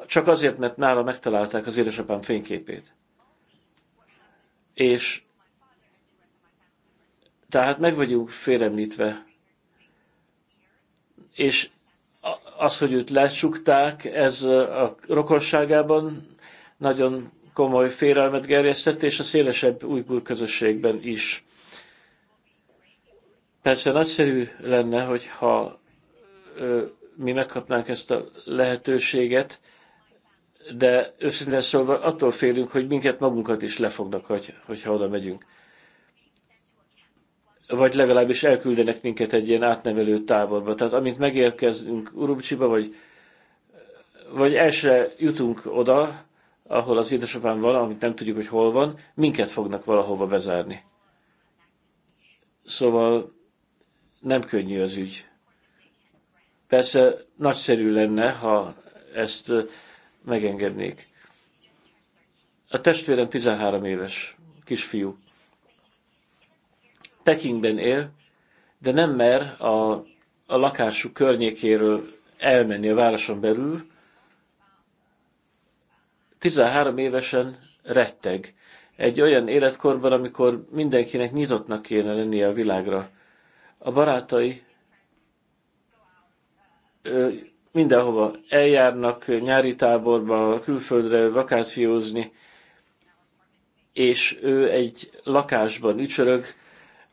csak azért, mert nála megtalálták az édesapám fényképét. És tehát meg vagyunk félemlítve. És az, hogy őt lecsukták, ez a rokonságában nagyon komoly félelmet gerjesztett, és a szélesebb újgur közösségben is. Persze nagyszerű lenne, hogyha mi megkapnánk ezt a lehetőséget, de őszintén szólva attól félünk, hogy minket magunkat is lefognak, hogy, hogyha oda megyünk vagy legalábbis elküldenek minket egy ilyen átnevelő táborba. Tehát amint megérkezünk Urubcsiba, vagy, vagy el se jutunk oda, ahol az édesapám van, amit nem tudjuk, hogy hol van, minket fognak valahova bezárni. Szóval nem könnyű az ügy. Persze nagyszerű lenne, ha ezt megengednék. A testvérem 13 éves kisfiú. Pekingben él, de nem mer a, a lakásuk környékéről elmenni a városon belül. 13 évesen retteg. Egy olyan életkorban, amikor mindenkinek nyitottnak kéne lennie a világra. A barátai mindenhova eljárnak, nyári táborba, külföldre vakációzni, és ő egy lakásban ücsörög,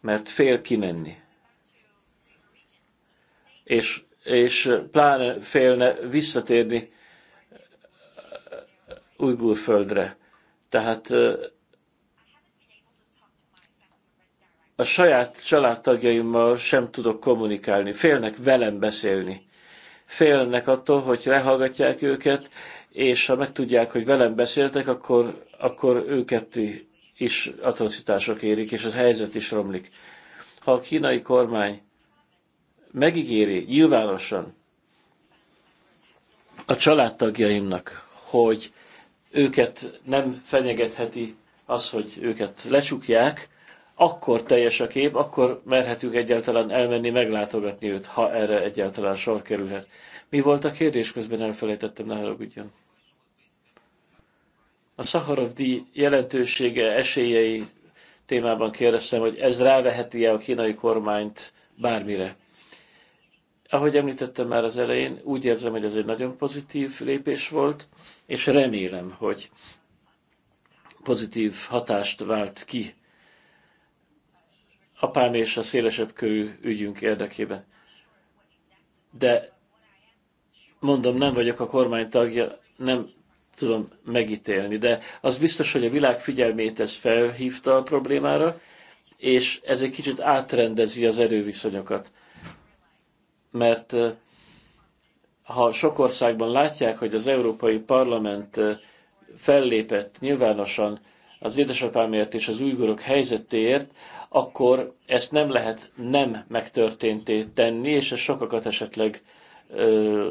mert fél kimenni. És, és pláne félne visszatérni uh, Ujgur földre. Tehát uh, a saját családtagjaimmal sem tudok kommunikálni, félnek velem beszélni. Félnek attól, hogy lehallgatják őket, és ha megtudják, hogy velem beszéltek, akkor, akkor őket is atrocitások érik, és a helyzet is romlik. Ha a kínai kormány megígéri nyilvánosan a családtagjaimnak, hogy őket nem fenyegetheti az, hogy őket lecsukják, akkor teljes a kép, akkor merhetünk egyáltalán elmenni, meglátogatni őt, ha erre egyáltalán sor kerülhet. Mi volt a kérdés? Közben elfelejtettem, ne haragudjon. A Szaharov díj jelentősége, esélyei témában kérdeztem, hogy ez ráveheti-e a kínai kormányt bármire. Ahogy említettem már az elején, úgy érzem, hogy ez egy nagyon pozitív lépés volt, és remélem, hogy pozitív hatást vált ki apám és a szélesebb körű ügyünk érdekében. De mondom, nem vagyok a kormány tagja, nem tudom megítélni, de az biztos, hogy a világ figyelmét ez felhívta a problémára, és ez egy kicsit átrendezi az erőviszonyokat. Mert ha sok országban látják, hogy az Európai Parlament fellépett nyilvánosan az édesapámért és az újgorok helyzetéért, akkor ezt nem lehet nem megtörténté tenni, és ez sokakat esetleg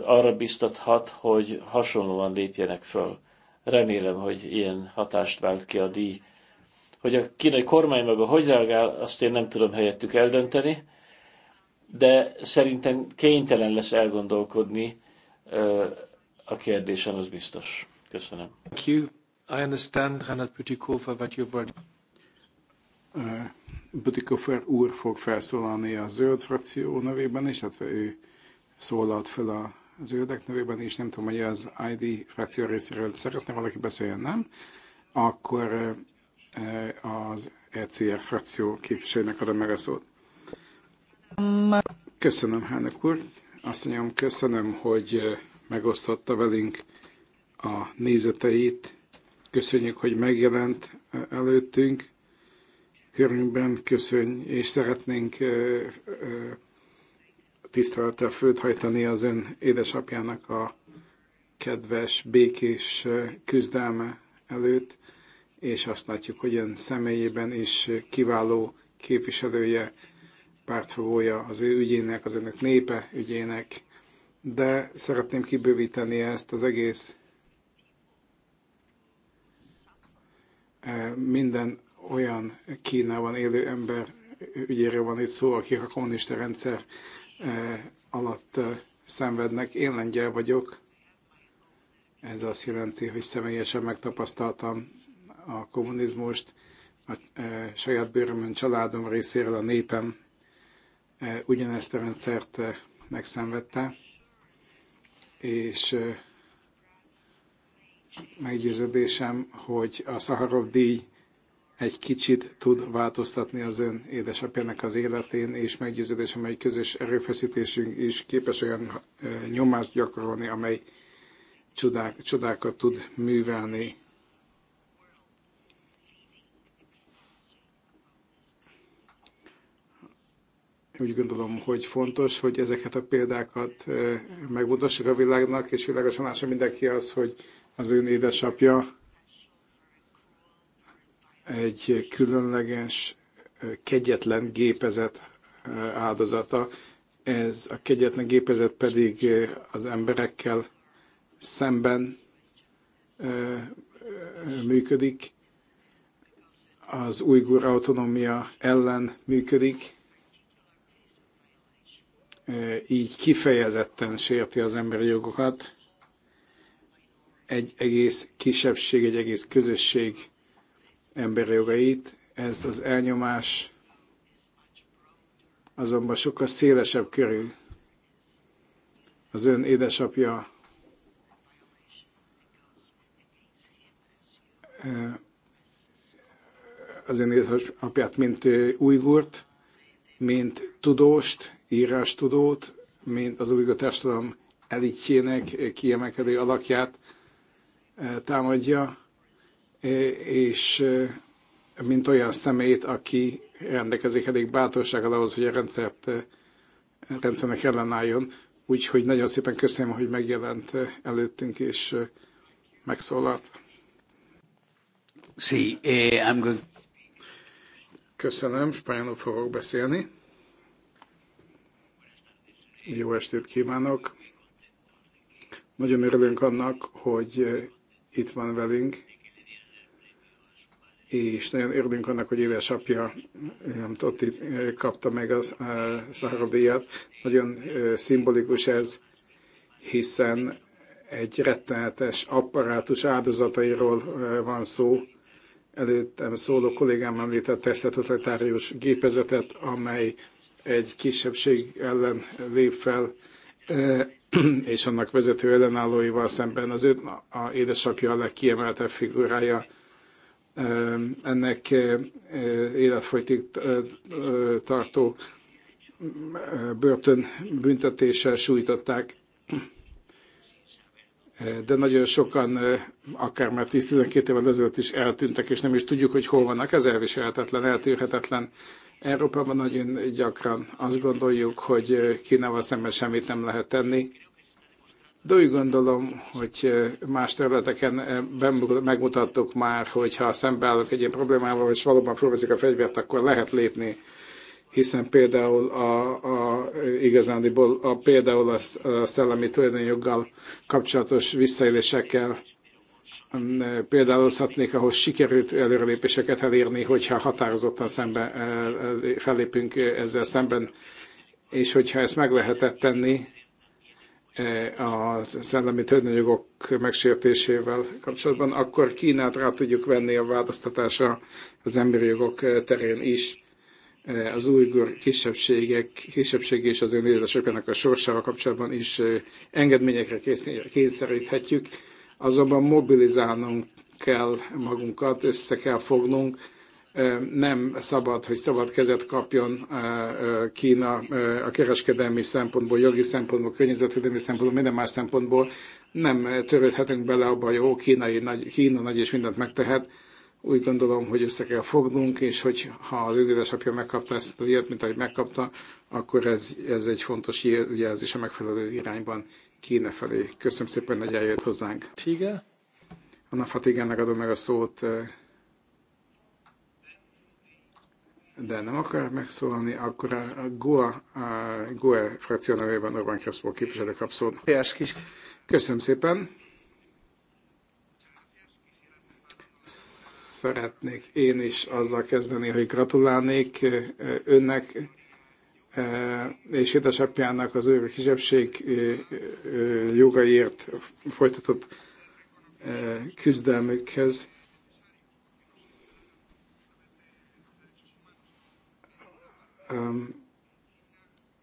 arra biztathat, hogy hasonlóan lépjenek föl. Remélem, hogy ilyen hatást vált ki a díj. Hogy a kínai kormány maga hogy reagál, azt én nem tudom helyettük eldönteni, de szerintem kénytelen lesz elgondolkodni a kérdésen, az biztos. Köszönöm. Thank you. I understand, Renat Butikova, that you've already... Uh, Butikofer úr fog felszólalni a zöld frakció nevében, és hát ő szólalt föl az zöldek nevében, és nem tudom, hogy az ID frakció részéről szeretne valaki beszélni, nem? Akkor eh, eh, az ECR frakció képviselőnek adom meg a szót. Köszönöm, Hának úr. Azt mondjam, köszönöm, hogy eh, megosztotta velünk a nézeteit. Köszönjük, hogy megjelent előttünk, körünkben köszönj, és szeretnénk tisztelettel főthajtani az ön édesapjának a kedves, békés küzdelme előtt, és azt látjuk, hogy ön személyében is kiváló képviselője, pártfogója az ő ügyének, az önök népe ügyének, de szeretném kibővíteni ezt az egész minden olyan Kínában élő ember ügyéről van itt szó, akik a kommunista rendszer alatt szenvednek. Én lengyel vagyok, ez azt jelenti, hogy személyesen megtapasztaltam a kommunizmust, a saját bőrömön, családom részéről a népem ugyanezt a rendszert megszenvedte, és meggyőződésem, hogy a Szaharov díj egy kicsit tud változtatni az ön édesapjának az életén, és meggyőződésem, hogy közös erőfeszítésünk is képes olyan nyomást gyakorolni, amely csodák, csodákat tud művelni. Úgy gondolom, hogy fontos, hogy ezeket a példákat megmutassuk a világnak, és világosan lássa mindenki az, hogy az ön édesapja egy különleges, kegyetlen gépezet áldozata. Ez a kegyetlen gépezet pedig az emberekkel szemben működik, az ujgur autonómia ellen működik, így kifejezetten sérti az emberi jogokat. Egy egész kisebbség, egy egész közösség emberi jogait. Ez az elnyomás azonban sokkal szélesebb körül. Az ön édesapja eh, az ön édesapját, mint újgurt, eh, mint tudóst, írástudót, mint az újgó társadalom elitjének kiemelkedő alakját eh, támadja és mint olyan szemét, aki rendelkezik elég bátorsággal ahhoz, hogy a rendszert, a rendszernek ellenálljon. Úgyhogy nagyon szépen köszönöm, hogy megjelent előttünk és megszólalt. Sí, eh, I'm going... Köszönöm, spanyolul fogok beszélni. Jó estét kívánok! Nagyon örülünk annak, hogy itt van velünk és nagyon örülünk annak, hogy édesapja tudott, itt eh, kapta meg a eh, száradíjat. Nagyon eh, szimbolikus ez, hiszen egy rettenetes apparátus áldozatairól van szó. Előttem szóló kollégám említette ezt a totalitárius gépezetet, amely egy kisebbség ellen lép fel, [clears throat] és annak vezető ellenállóival szemben az ő a édesapja a legkiemeltebb figurája ennek életfolytig tartó börtön büntetéssel sújtották, de nagyon sokan akár már 10-12 évvel ezelőtt is eltűntek, és nem is tudjuk, hogy hol vannak. Ez elviselhetetlen, eltűrhetetlen. Európában nagyon gyakran azt gondoljuk, hogy Kínával szemben semmit nem lehet tenni, de úgy gondolom, hogy más területeken megmutattuk már, hogy ha szembeállunk egy ilyen problémával, és valóban fölveszik a fegyvert, akkor lehet lépni, hiszen például a, a igazándiból a, például a, a szellemi tulajdonjoggal kapcsolatos visszaélésekkel például szatnék, ahhoz sikerült előrelépéseket elérni, hogyha határozottan szembe, fellépünk ezzel szemben, és hogyha ezt meg lehetett tenni, E, a szellemi törvényjogok megsértésével kapcsolatban, akkor Kínát rá tudjuk venni a változtatásra az emberi jogok e, terén is. E, az újgur kisebbségek, kisebbség és az önérdeseknek a sorsával kapcsolatban is engedményekre kényszeríthetjük, azonban mobilizálnunk kell magunkat, össze kell fognunk, nem szabad, hogy szabad kezet kapjon Kína a kereskedelmi szempontból, jogi szempontból, környezetvédelmi szempontból, minden más szempontból. Nem törődhetünk bele abba, hogy ó kínai nagy, Kína nagy és mindent megtehet. Úgy gondolom, hogy össze kell fognunk, és hogy ha az édesapja megkapta ezt a díjat, mint ahogy megkapta, akkor ez, ez egy fontos jelzés a megfelelő irányban Kína felé. Köszönöm szépen, hogy eljött hozzánk. Tiga? Anna Fatigának adom meg a szót. de nem akar megszólalni, akkor a GUA, a GUE frakció nevében Orbán Kresszpó képviselő kap szót. Köszönöm szépen. Szeretnék én is azzal kezdeni, hogy gratulálnék önnek és édesapjának az ő kisebbség jogaiért folytatott küzdelmükhez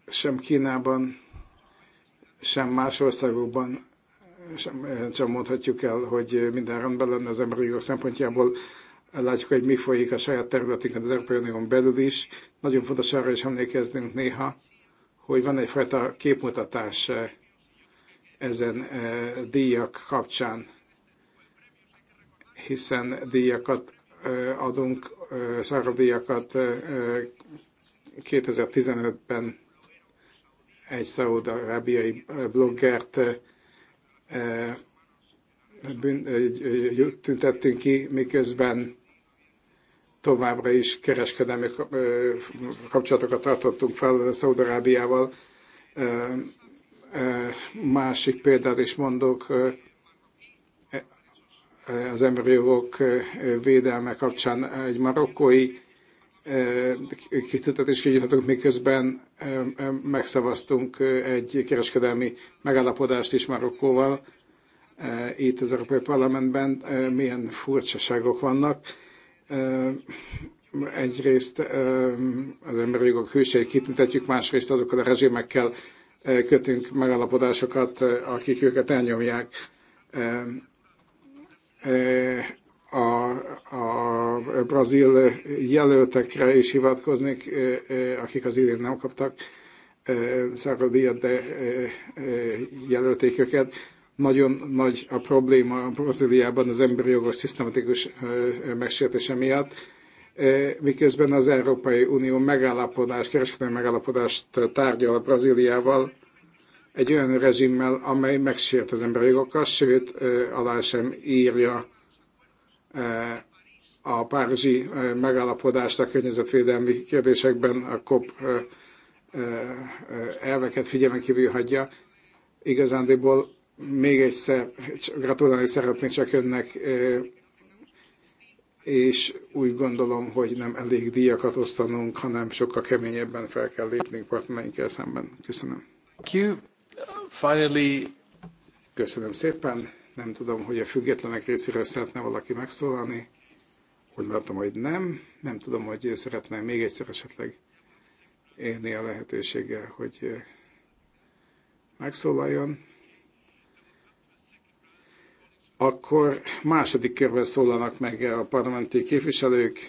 sem Kínában, sem más országokban sem, eh, sem mondhatjuk el, hogy minden rendben lenne az emberi jogok szempontjából. Látjuk, hogy mi folyik a saját területünkön az Európai Unión belül is. Nagyon fontos arra is emlékeznünk néha, hogy van egyfajta képmutatás eh, ezen eh, díjak kapcsán, hiszen díjakat adunk, száradíjakat, 2015-ben egy szaudarábiai eh, bloggert eh, eh, tüntettünk ki, miközben továbbra is kereskedelmi kapcsolatokat tartottunk fel Szaudarábiával. Másik példát is mondok, az emberi jogok védelme kapcsán egy marokkói kitüntetés kinyitottunk, miközben megszavaztunk egy kereskedelmi megállapodást is Marokkóval itt az Európai Parlamentben. Milyen furcsaságok vannak. Egyrészt az emberi jogok hőseit kitüntetjük, másrészt azokkal a rezsimekkel kötünk megállapodásokat, akik őket elnyomják a, a brazil jelöltekre is hivatkoznék, e, e, akik az idén nem kaptak e, szakadíjat, de jelölték őket. Nagyon nagy a probléma a Brazíliában az emberi jogok szisztematikus megsértése miatt, miközben az Európai Unió megállapodás, kereskedelmi megállapodást tárgyal a Brazíliával, egy olyan rezsimmel, amely megsért az emberi jogokat, sőt, alá sem írja a párizsi megállapodást a környezetvédelmi kérdésekben a COP elveket figyelmen kívül hagyja. Igazándiból még egyszer gratulálni szeretnék csak önnek, és úgy gondolom, hogy nem elég díjakat osztanunk, hanem sokkal keményebben fel kell lépnünk partnereinkkel szemben. Köszönöm. Thank you. Finally... Köszönöm szépen. Nem tudom, hogy a függetlenek részéről szeretne valaki megszólalni. hogy mondtam, hogy nem. Nem tudom, hogy ő szeretne még egyszer esetleg élni a lehetőséggel, hogy megszólaljon. Akkor második körben szólalnak meg a parlamenti képviselők.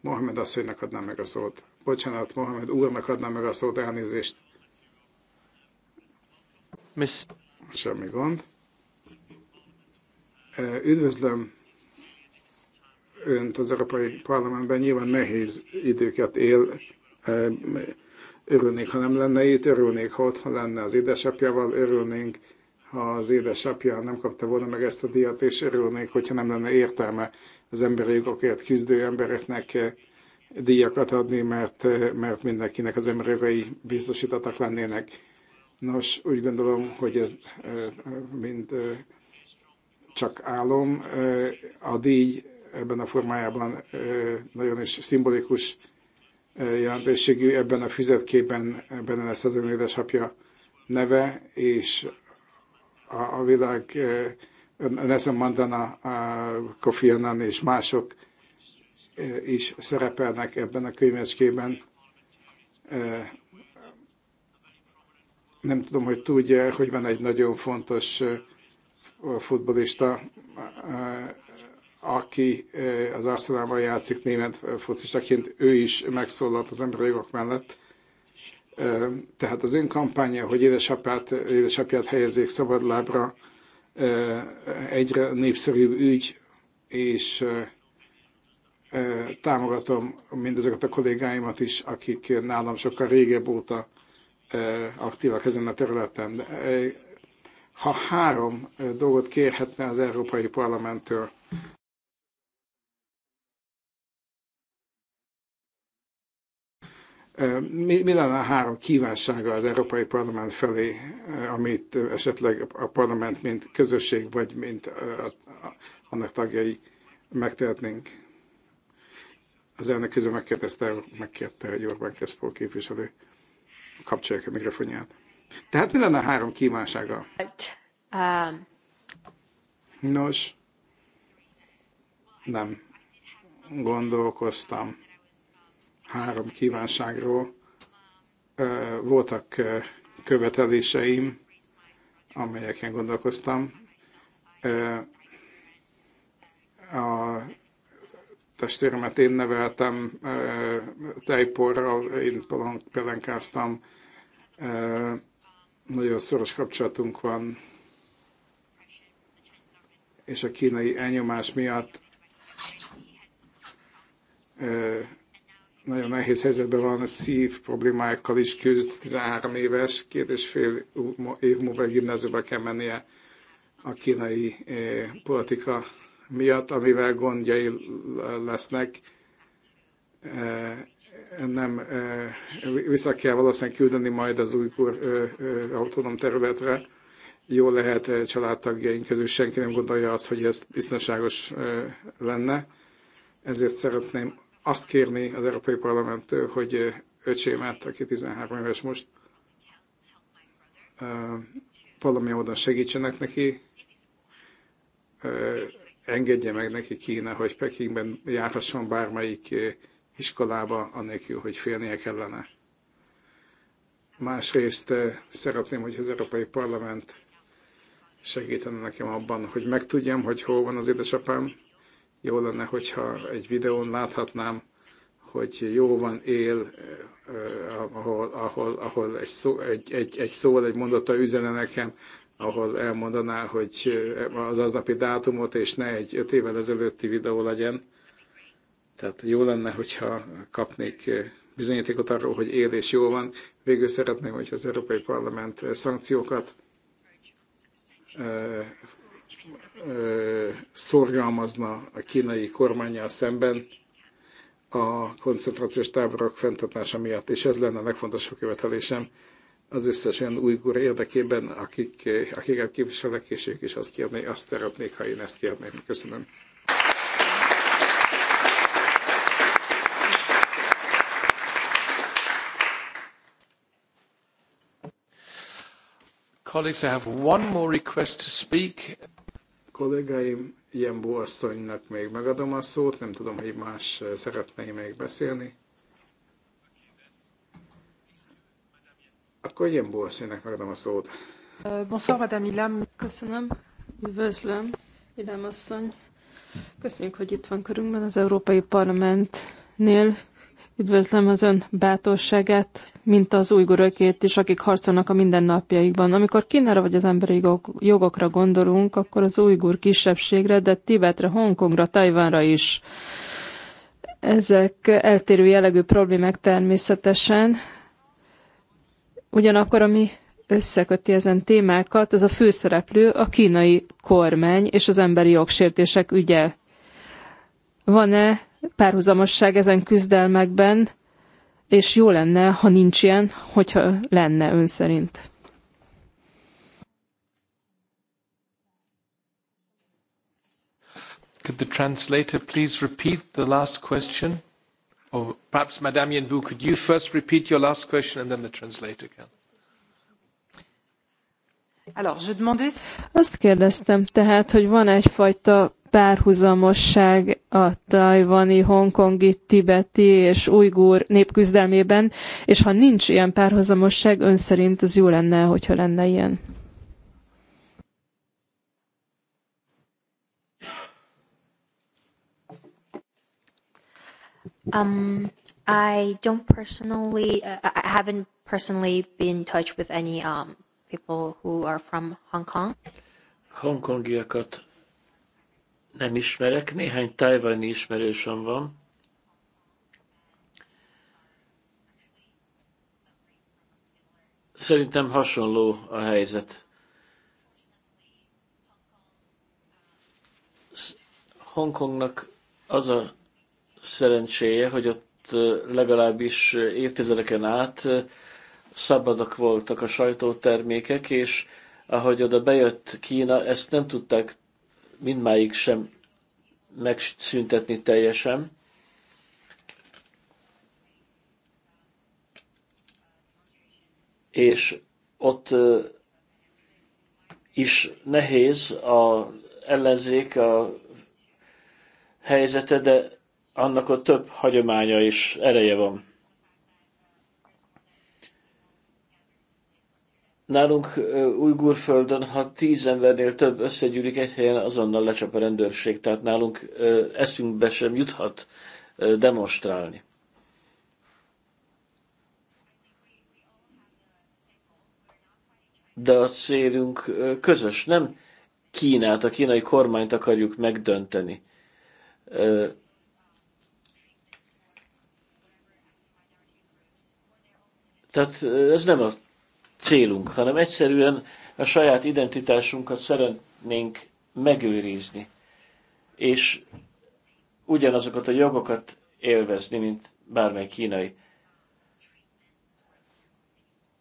Mohamed asszonynak adnám meg a szót. Bocsánat, Mohamed úrnak adnám meg a szót, elnézést. Miss Semmi gond. Üdvözlöm Önt az Európai Parlamentben. Nyilván nehéz időket él. Örülnék, ha nem lenne itt, örülnék, ha otthon lenne az édesapjával, örülnénk, ha az édesapja nem kapta volna meg ezt a díjat, és örülnék, hogyha nem lenne értelme az emberi jogokért küzdő embereknek díjakat adni, mert, mert mindenkinek az emberi jogai biztosítatak lennének. Nos, úgy gondolom, hogy ez mind csak álom. A díj ebben a formájában nagyon is szimbolikus jelentőségű, ebben a fizetkében benne lesz az ön édesapja neve, és a, a világ Nelson Mandana, Kofi Annan és mások is szerepelnek ebben a könyvecskében nem tudom, hogy tudja, hogy van egy nagyon fontos futbolista, aki az Arsenalban játszik német focistaként, ő is megszólalt az emberi jogok mellett. Tehát az ön kampánya, hogy édesapát, édesapját helyezzék szabadlábra, egyre népszerűbb ügy, és támogatom mindezeket a kollégáimat is, akik nálam sokkal régebb óta aktívak ezen a területen. De ha három dolgot kérhetne az Európai Parlamenttől, Mi, mi lenne a három kívánsága az Európai Parlament felé, amit esetleg a parlament, mint közösség, vagy mint a, a, annak tagjai megtehetnénk? Az elnök közül megkérdezte, megkérte, hogy Orbán Kreszpó képviselő. Kapcsolják a mikrofonját. Tehát mi lenne a három kívánsága? Um, Nos, nem gondolkoztam három kívánságról. Voltak követeléseim, amelyeken gondolkoztam. A testvéremet én neveltem tejporral, én pelenkáztam, nagyon szoros kapcsolatunk van, és a kínai elnyomás miatt nagyon nehéz helyzetben van, a szív problémákkal is küzd, 13 éves, két és fél év múlva gimnáziumba kell mennie a kínai politika miatt, amivel gondjai lesznek. E, nem, e, vissza kell valószínűleg küldeni majd az újkor e, autonóm területre. Jó lehet családtagjaink közül senki nem gondolja azt, hogy ez biztonságos lenne. Ezért szeretném azt kérni az Európai Parlamenttől, hogy öcsémet, aki 13 éves most, valamilyen módon segítsenek neki, engedje meg neki Kína, hogy Pekingben járhasson bármelyik eh, iskolába, anélkül, hogy félnie kellene. Másrészt eh, szeretném, hogy az Európai Parlament segítene nekem abban, hogy megtudjam, hogy hol van az édesapám. Jó lenne, hogyha egy videón láthatnám, hogy jó van, él, eh, ahol, ahol, ahol egy, szó, egy, egy, egy szól, egy mondata üzene nekem, ahol elmondaná, hogy az aznapi dátumot, és ne egy öt évvel ezelőtti videó legyen. Tehát jó lenne, hogyha kapnék bizonyítékot arról, hogy él és jó van. Végül szeretném, hogy az Európai Parlament szankciókat szorgalmazna a kínai kormányjal szemben a koncentrációs táborok fenntartása miatt, és ez lenne a legfontosabb követelésem az összes olyan újgur érdekében, akik, akiket képviselek, és ők is azt kérnék, azt szeretnék, ha én ezt kérném. Köszönöm. Colleagues, I have one more request to speak. Kollégáim, Jembo asszonynak még megadom a szót, nem tudom, hogy más eh, szeretné még beszélni. Akkor Jembo asszonynak megadom a szót. Bonsoir, Madame Ilam. Köszönöm. Üdvözlöm, Ilam asszony. Köszönjük, hogy itt van körünkben az Európai Parlamentnél. Üdvözlöm az ön bátorságát, mint az újgurökét is, akik harcolnak a mindennapjaikban. Amikor Kínára vagy az emberi jogokra gondolunk, akkor az újgur kisebbségre, de Tibetre, Hongkongra, Tajvanra is. Ezek eltérő jellegű problémák természetesen, Ugyanakkor, ami összeköti ezen témákat, az a főszereplő a kínai kormány és az emberi jogsértések ügye. Van-e párhuzamosság ezen küzdelmekben, és jó lenne, ha nincs ilyen, hogyha lenne ön szerint? Could the translator please repeat the last question? Or perhaps Madame Yenbu, could you first repeat your last question and then the translator can. Alors, je demandais... Azt kérdeztem tehát, hogy van egyfajta párhuzamosság a tajvani, hongkongi, tibeti és ujgur népküzdelmében, és ha nincs ilyen párhuzamosság, ön szerint az jó lenne, hogyha lenne ilyen. Um, I don't personally, uh, I haven't personally been in touch with any um, people who are from Hong Kong. Hong Kongiakat nem ismerek, néhány Taiwani ismerősöm van. Szerintem hasonló a helyzet. Hongkongnak az a szerencséje, hogy ott legalábbis évtizedeken át szabadak voltak a sajtótermékek, és ahogy oda bejött Kína, ezt nem tudták mindmáig sem megszüntetni teljesen. És ott is nehéz a ellenzék a helyzete, de annak ott több hagyománya és ereje van. Nálunk Ujgurföldön, ha tíz embernél több összegyűlik egy helyen, azonnal lecsap a rendőrség, tehát nálunk eszünkbe sem juthat demonstrálni. De a célunk közös, nem Kínát, a kínai kormányt akarjuk megdönteni Tehát ez nem a célunk, hanem egyszerűen a saját identitásunkat szeretnénk megőrizni, és ugyanazokat a jogokat élvezni, mint bármely kínai.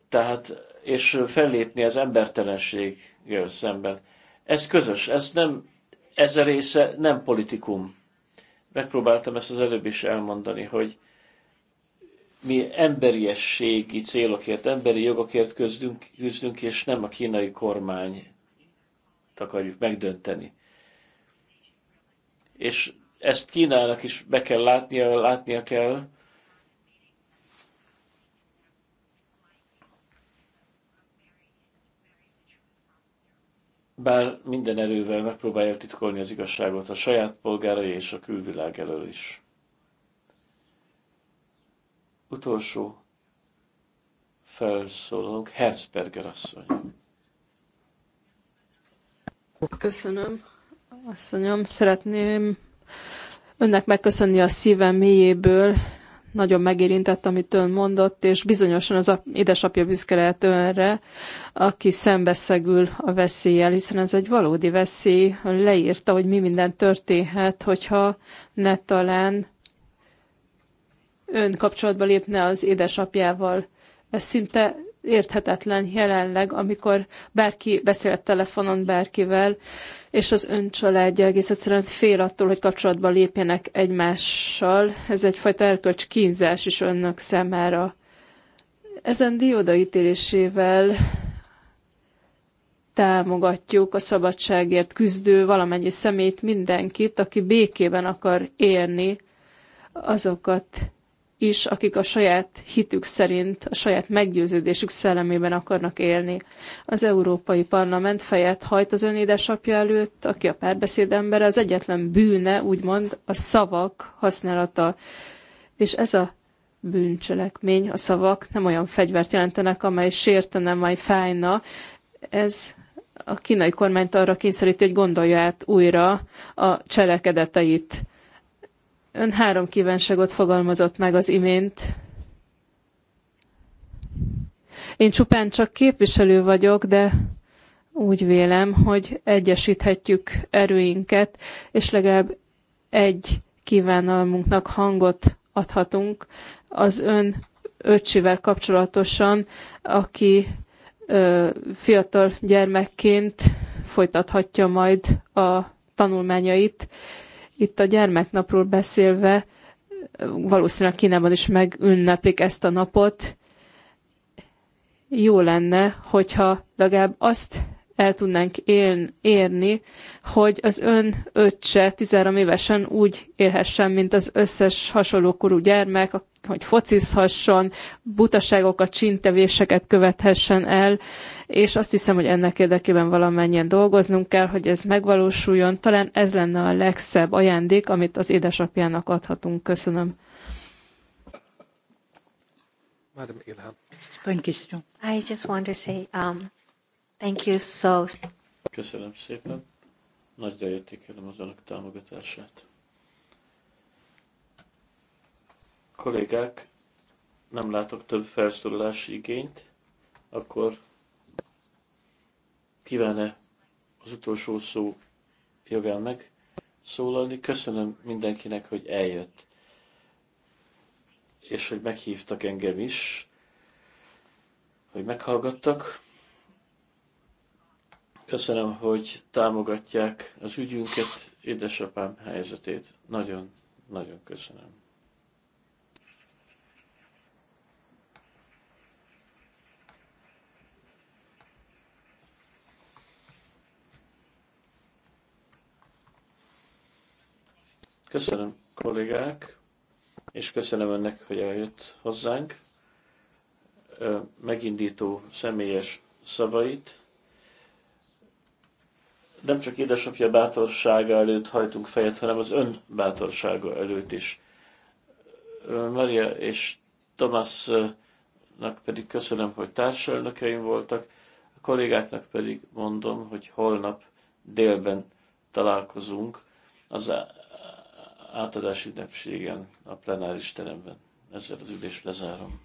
Tehát, és fellépni az embertelenséggel szemben. Ez közös, ez nem, ez a része nem politikum. Megpróbáltam ezt az előbb is elmondani, hogy mi emberiességi célokért, emberi jogokért küzdünk, küzdünk és nem a kínai kormány akarjuk megdönteni. És ezt Kínának is be kell látnia, látnia kell, bár minden erővel megpróbálja titkolni az igazságot a saját polgárai és a külvilág elől is. Utolsó felszólalunk, Herzberger asszony. Köszönöm, asszonyom. Szeretném önnek megköszönni a szívem mélyéből. Nagyon megérintett, amit ön mondott, és bizonyosan az édesapja büszke lehet önre, aki szembeszegül a veszéllyel, hiszen ez egy valódi veszély. Leírta, hogy mi minden történhet, hogyha ne talán ön kapcsolatba lépne az édesapjával. Ez szinte érthetetlen jelenleg, amikor bárki beszélt telefonon bárkivel, és az ön családja egész egyszerűen fél attól, hogy kapcsolatba lépjenek egymással. Ez egyfajta erkölcs kínzás is önnök számára. Ezen dioda ítélésével támogatjuk a szabadságért küzdő valamennyi szemét, mindenkit, aki békében akar élni, azokat is, akik a saját hitük szerint, a saját meggyőződésük szellemében akarnak élni. Az Európai Parlament fejet hajt az ön édesapja előtt, aki a párbeszéd embere, az egyetlen bűne, úgymond, a szavak használata. És ez a bűncselekmény, a szavak nem olyan fegyvert jelentenek, amely sértene, majd fájna. Ez a kínai kormányt arra kényszeríti, hogy gondolja át újra a cselekedeteit Ön három kívánságot fogalmazott meg az imént. Én csupán csak képviselő vagyok, de úgy vélem, hogy egyesíthetjük erőinket, és legalább egy kívánalmunknak hangot adhatunk az ön öcsivel kapcsolatosan, aki ö, fiatal gyermekként folytathatja majd a tanulmányait, itt a gyermeknapról beszélve, valószínűleg Kínában is megünneplik ezt a napot. Jó lenne, hogyha legalább azt el tudnánk él, érni, hogy az ön öccse 13 évesen úgy élhessen, mint az összes hasonlókorú gyermek, hogy focizhasson, butaságokat, csintevéseket követhessen el, és azt hiszem, hogy ennek érdekében valamennyien dolgoznunk kell, hogy ez megvalósuljon. Talán ez lenne a legszebb ajándék, amit az édesapjának adhatunk. Köszönöm. Madam you, I just want to say, um, Thank you so. Köszönöm szépen. Nagyra értékelem az önök támogatását. Kollégák, nem látok több felszólalási igényt, akkor kívánne az utolsó szó jogán meg szólalni. Köszönöm mindenkinek, hogy eljött, és hogy meghívtak engem is, hogy meghallgattak. Köszönöm, hogy támogatják az ügyünket, édesapám helyzetét. Nagyon, nagyon köszönöm. Köszönöm kollégák, és köszönöm önnek, hogy eljött hozzánk. Megindító személyes szavait nem csak édesapja bátorsága előtt hajtunk fejet, hanem az ön bátorsága előtt is. Maria és Tamásnak pedig köszönöm, hogy társelnökeim voltak, a kollégáknak pedig mondom, hogy holnap délben találkozunk az átadás ünnepségen a plenáris teremben. Ezzel az ülést lezárom.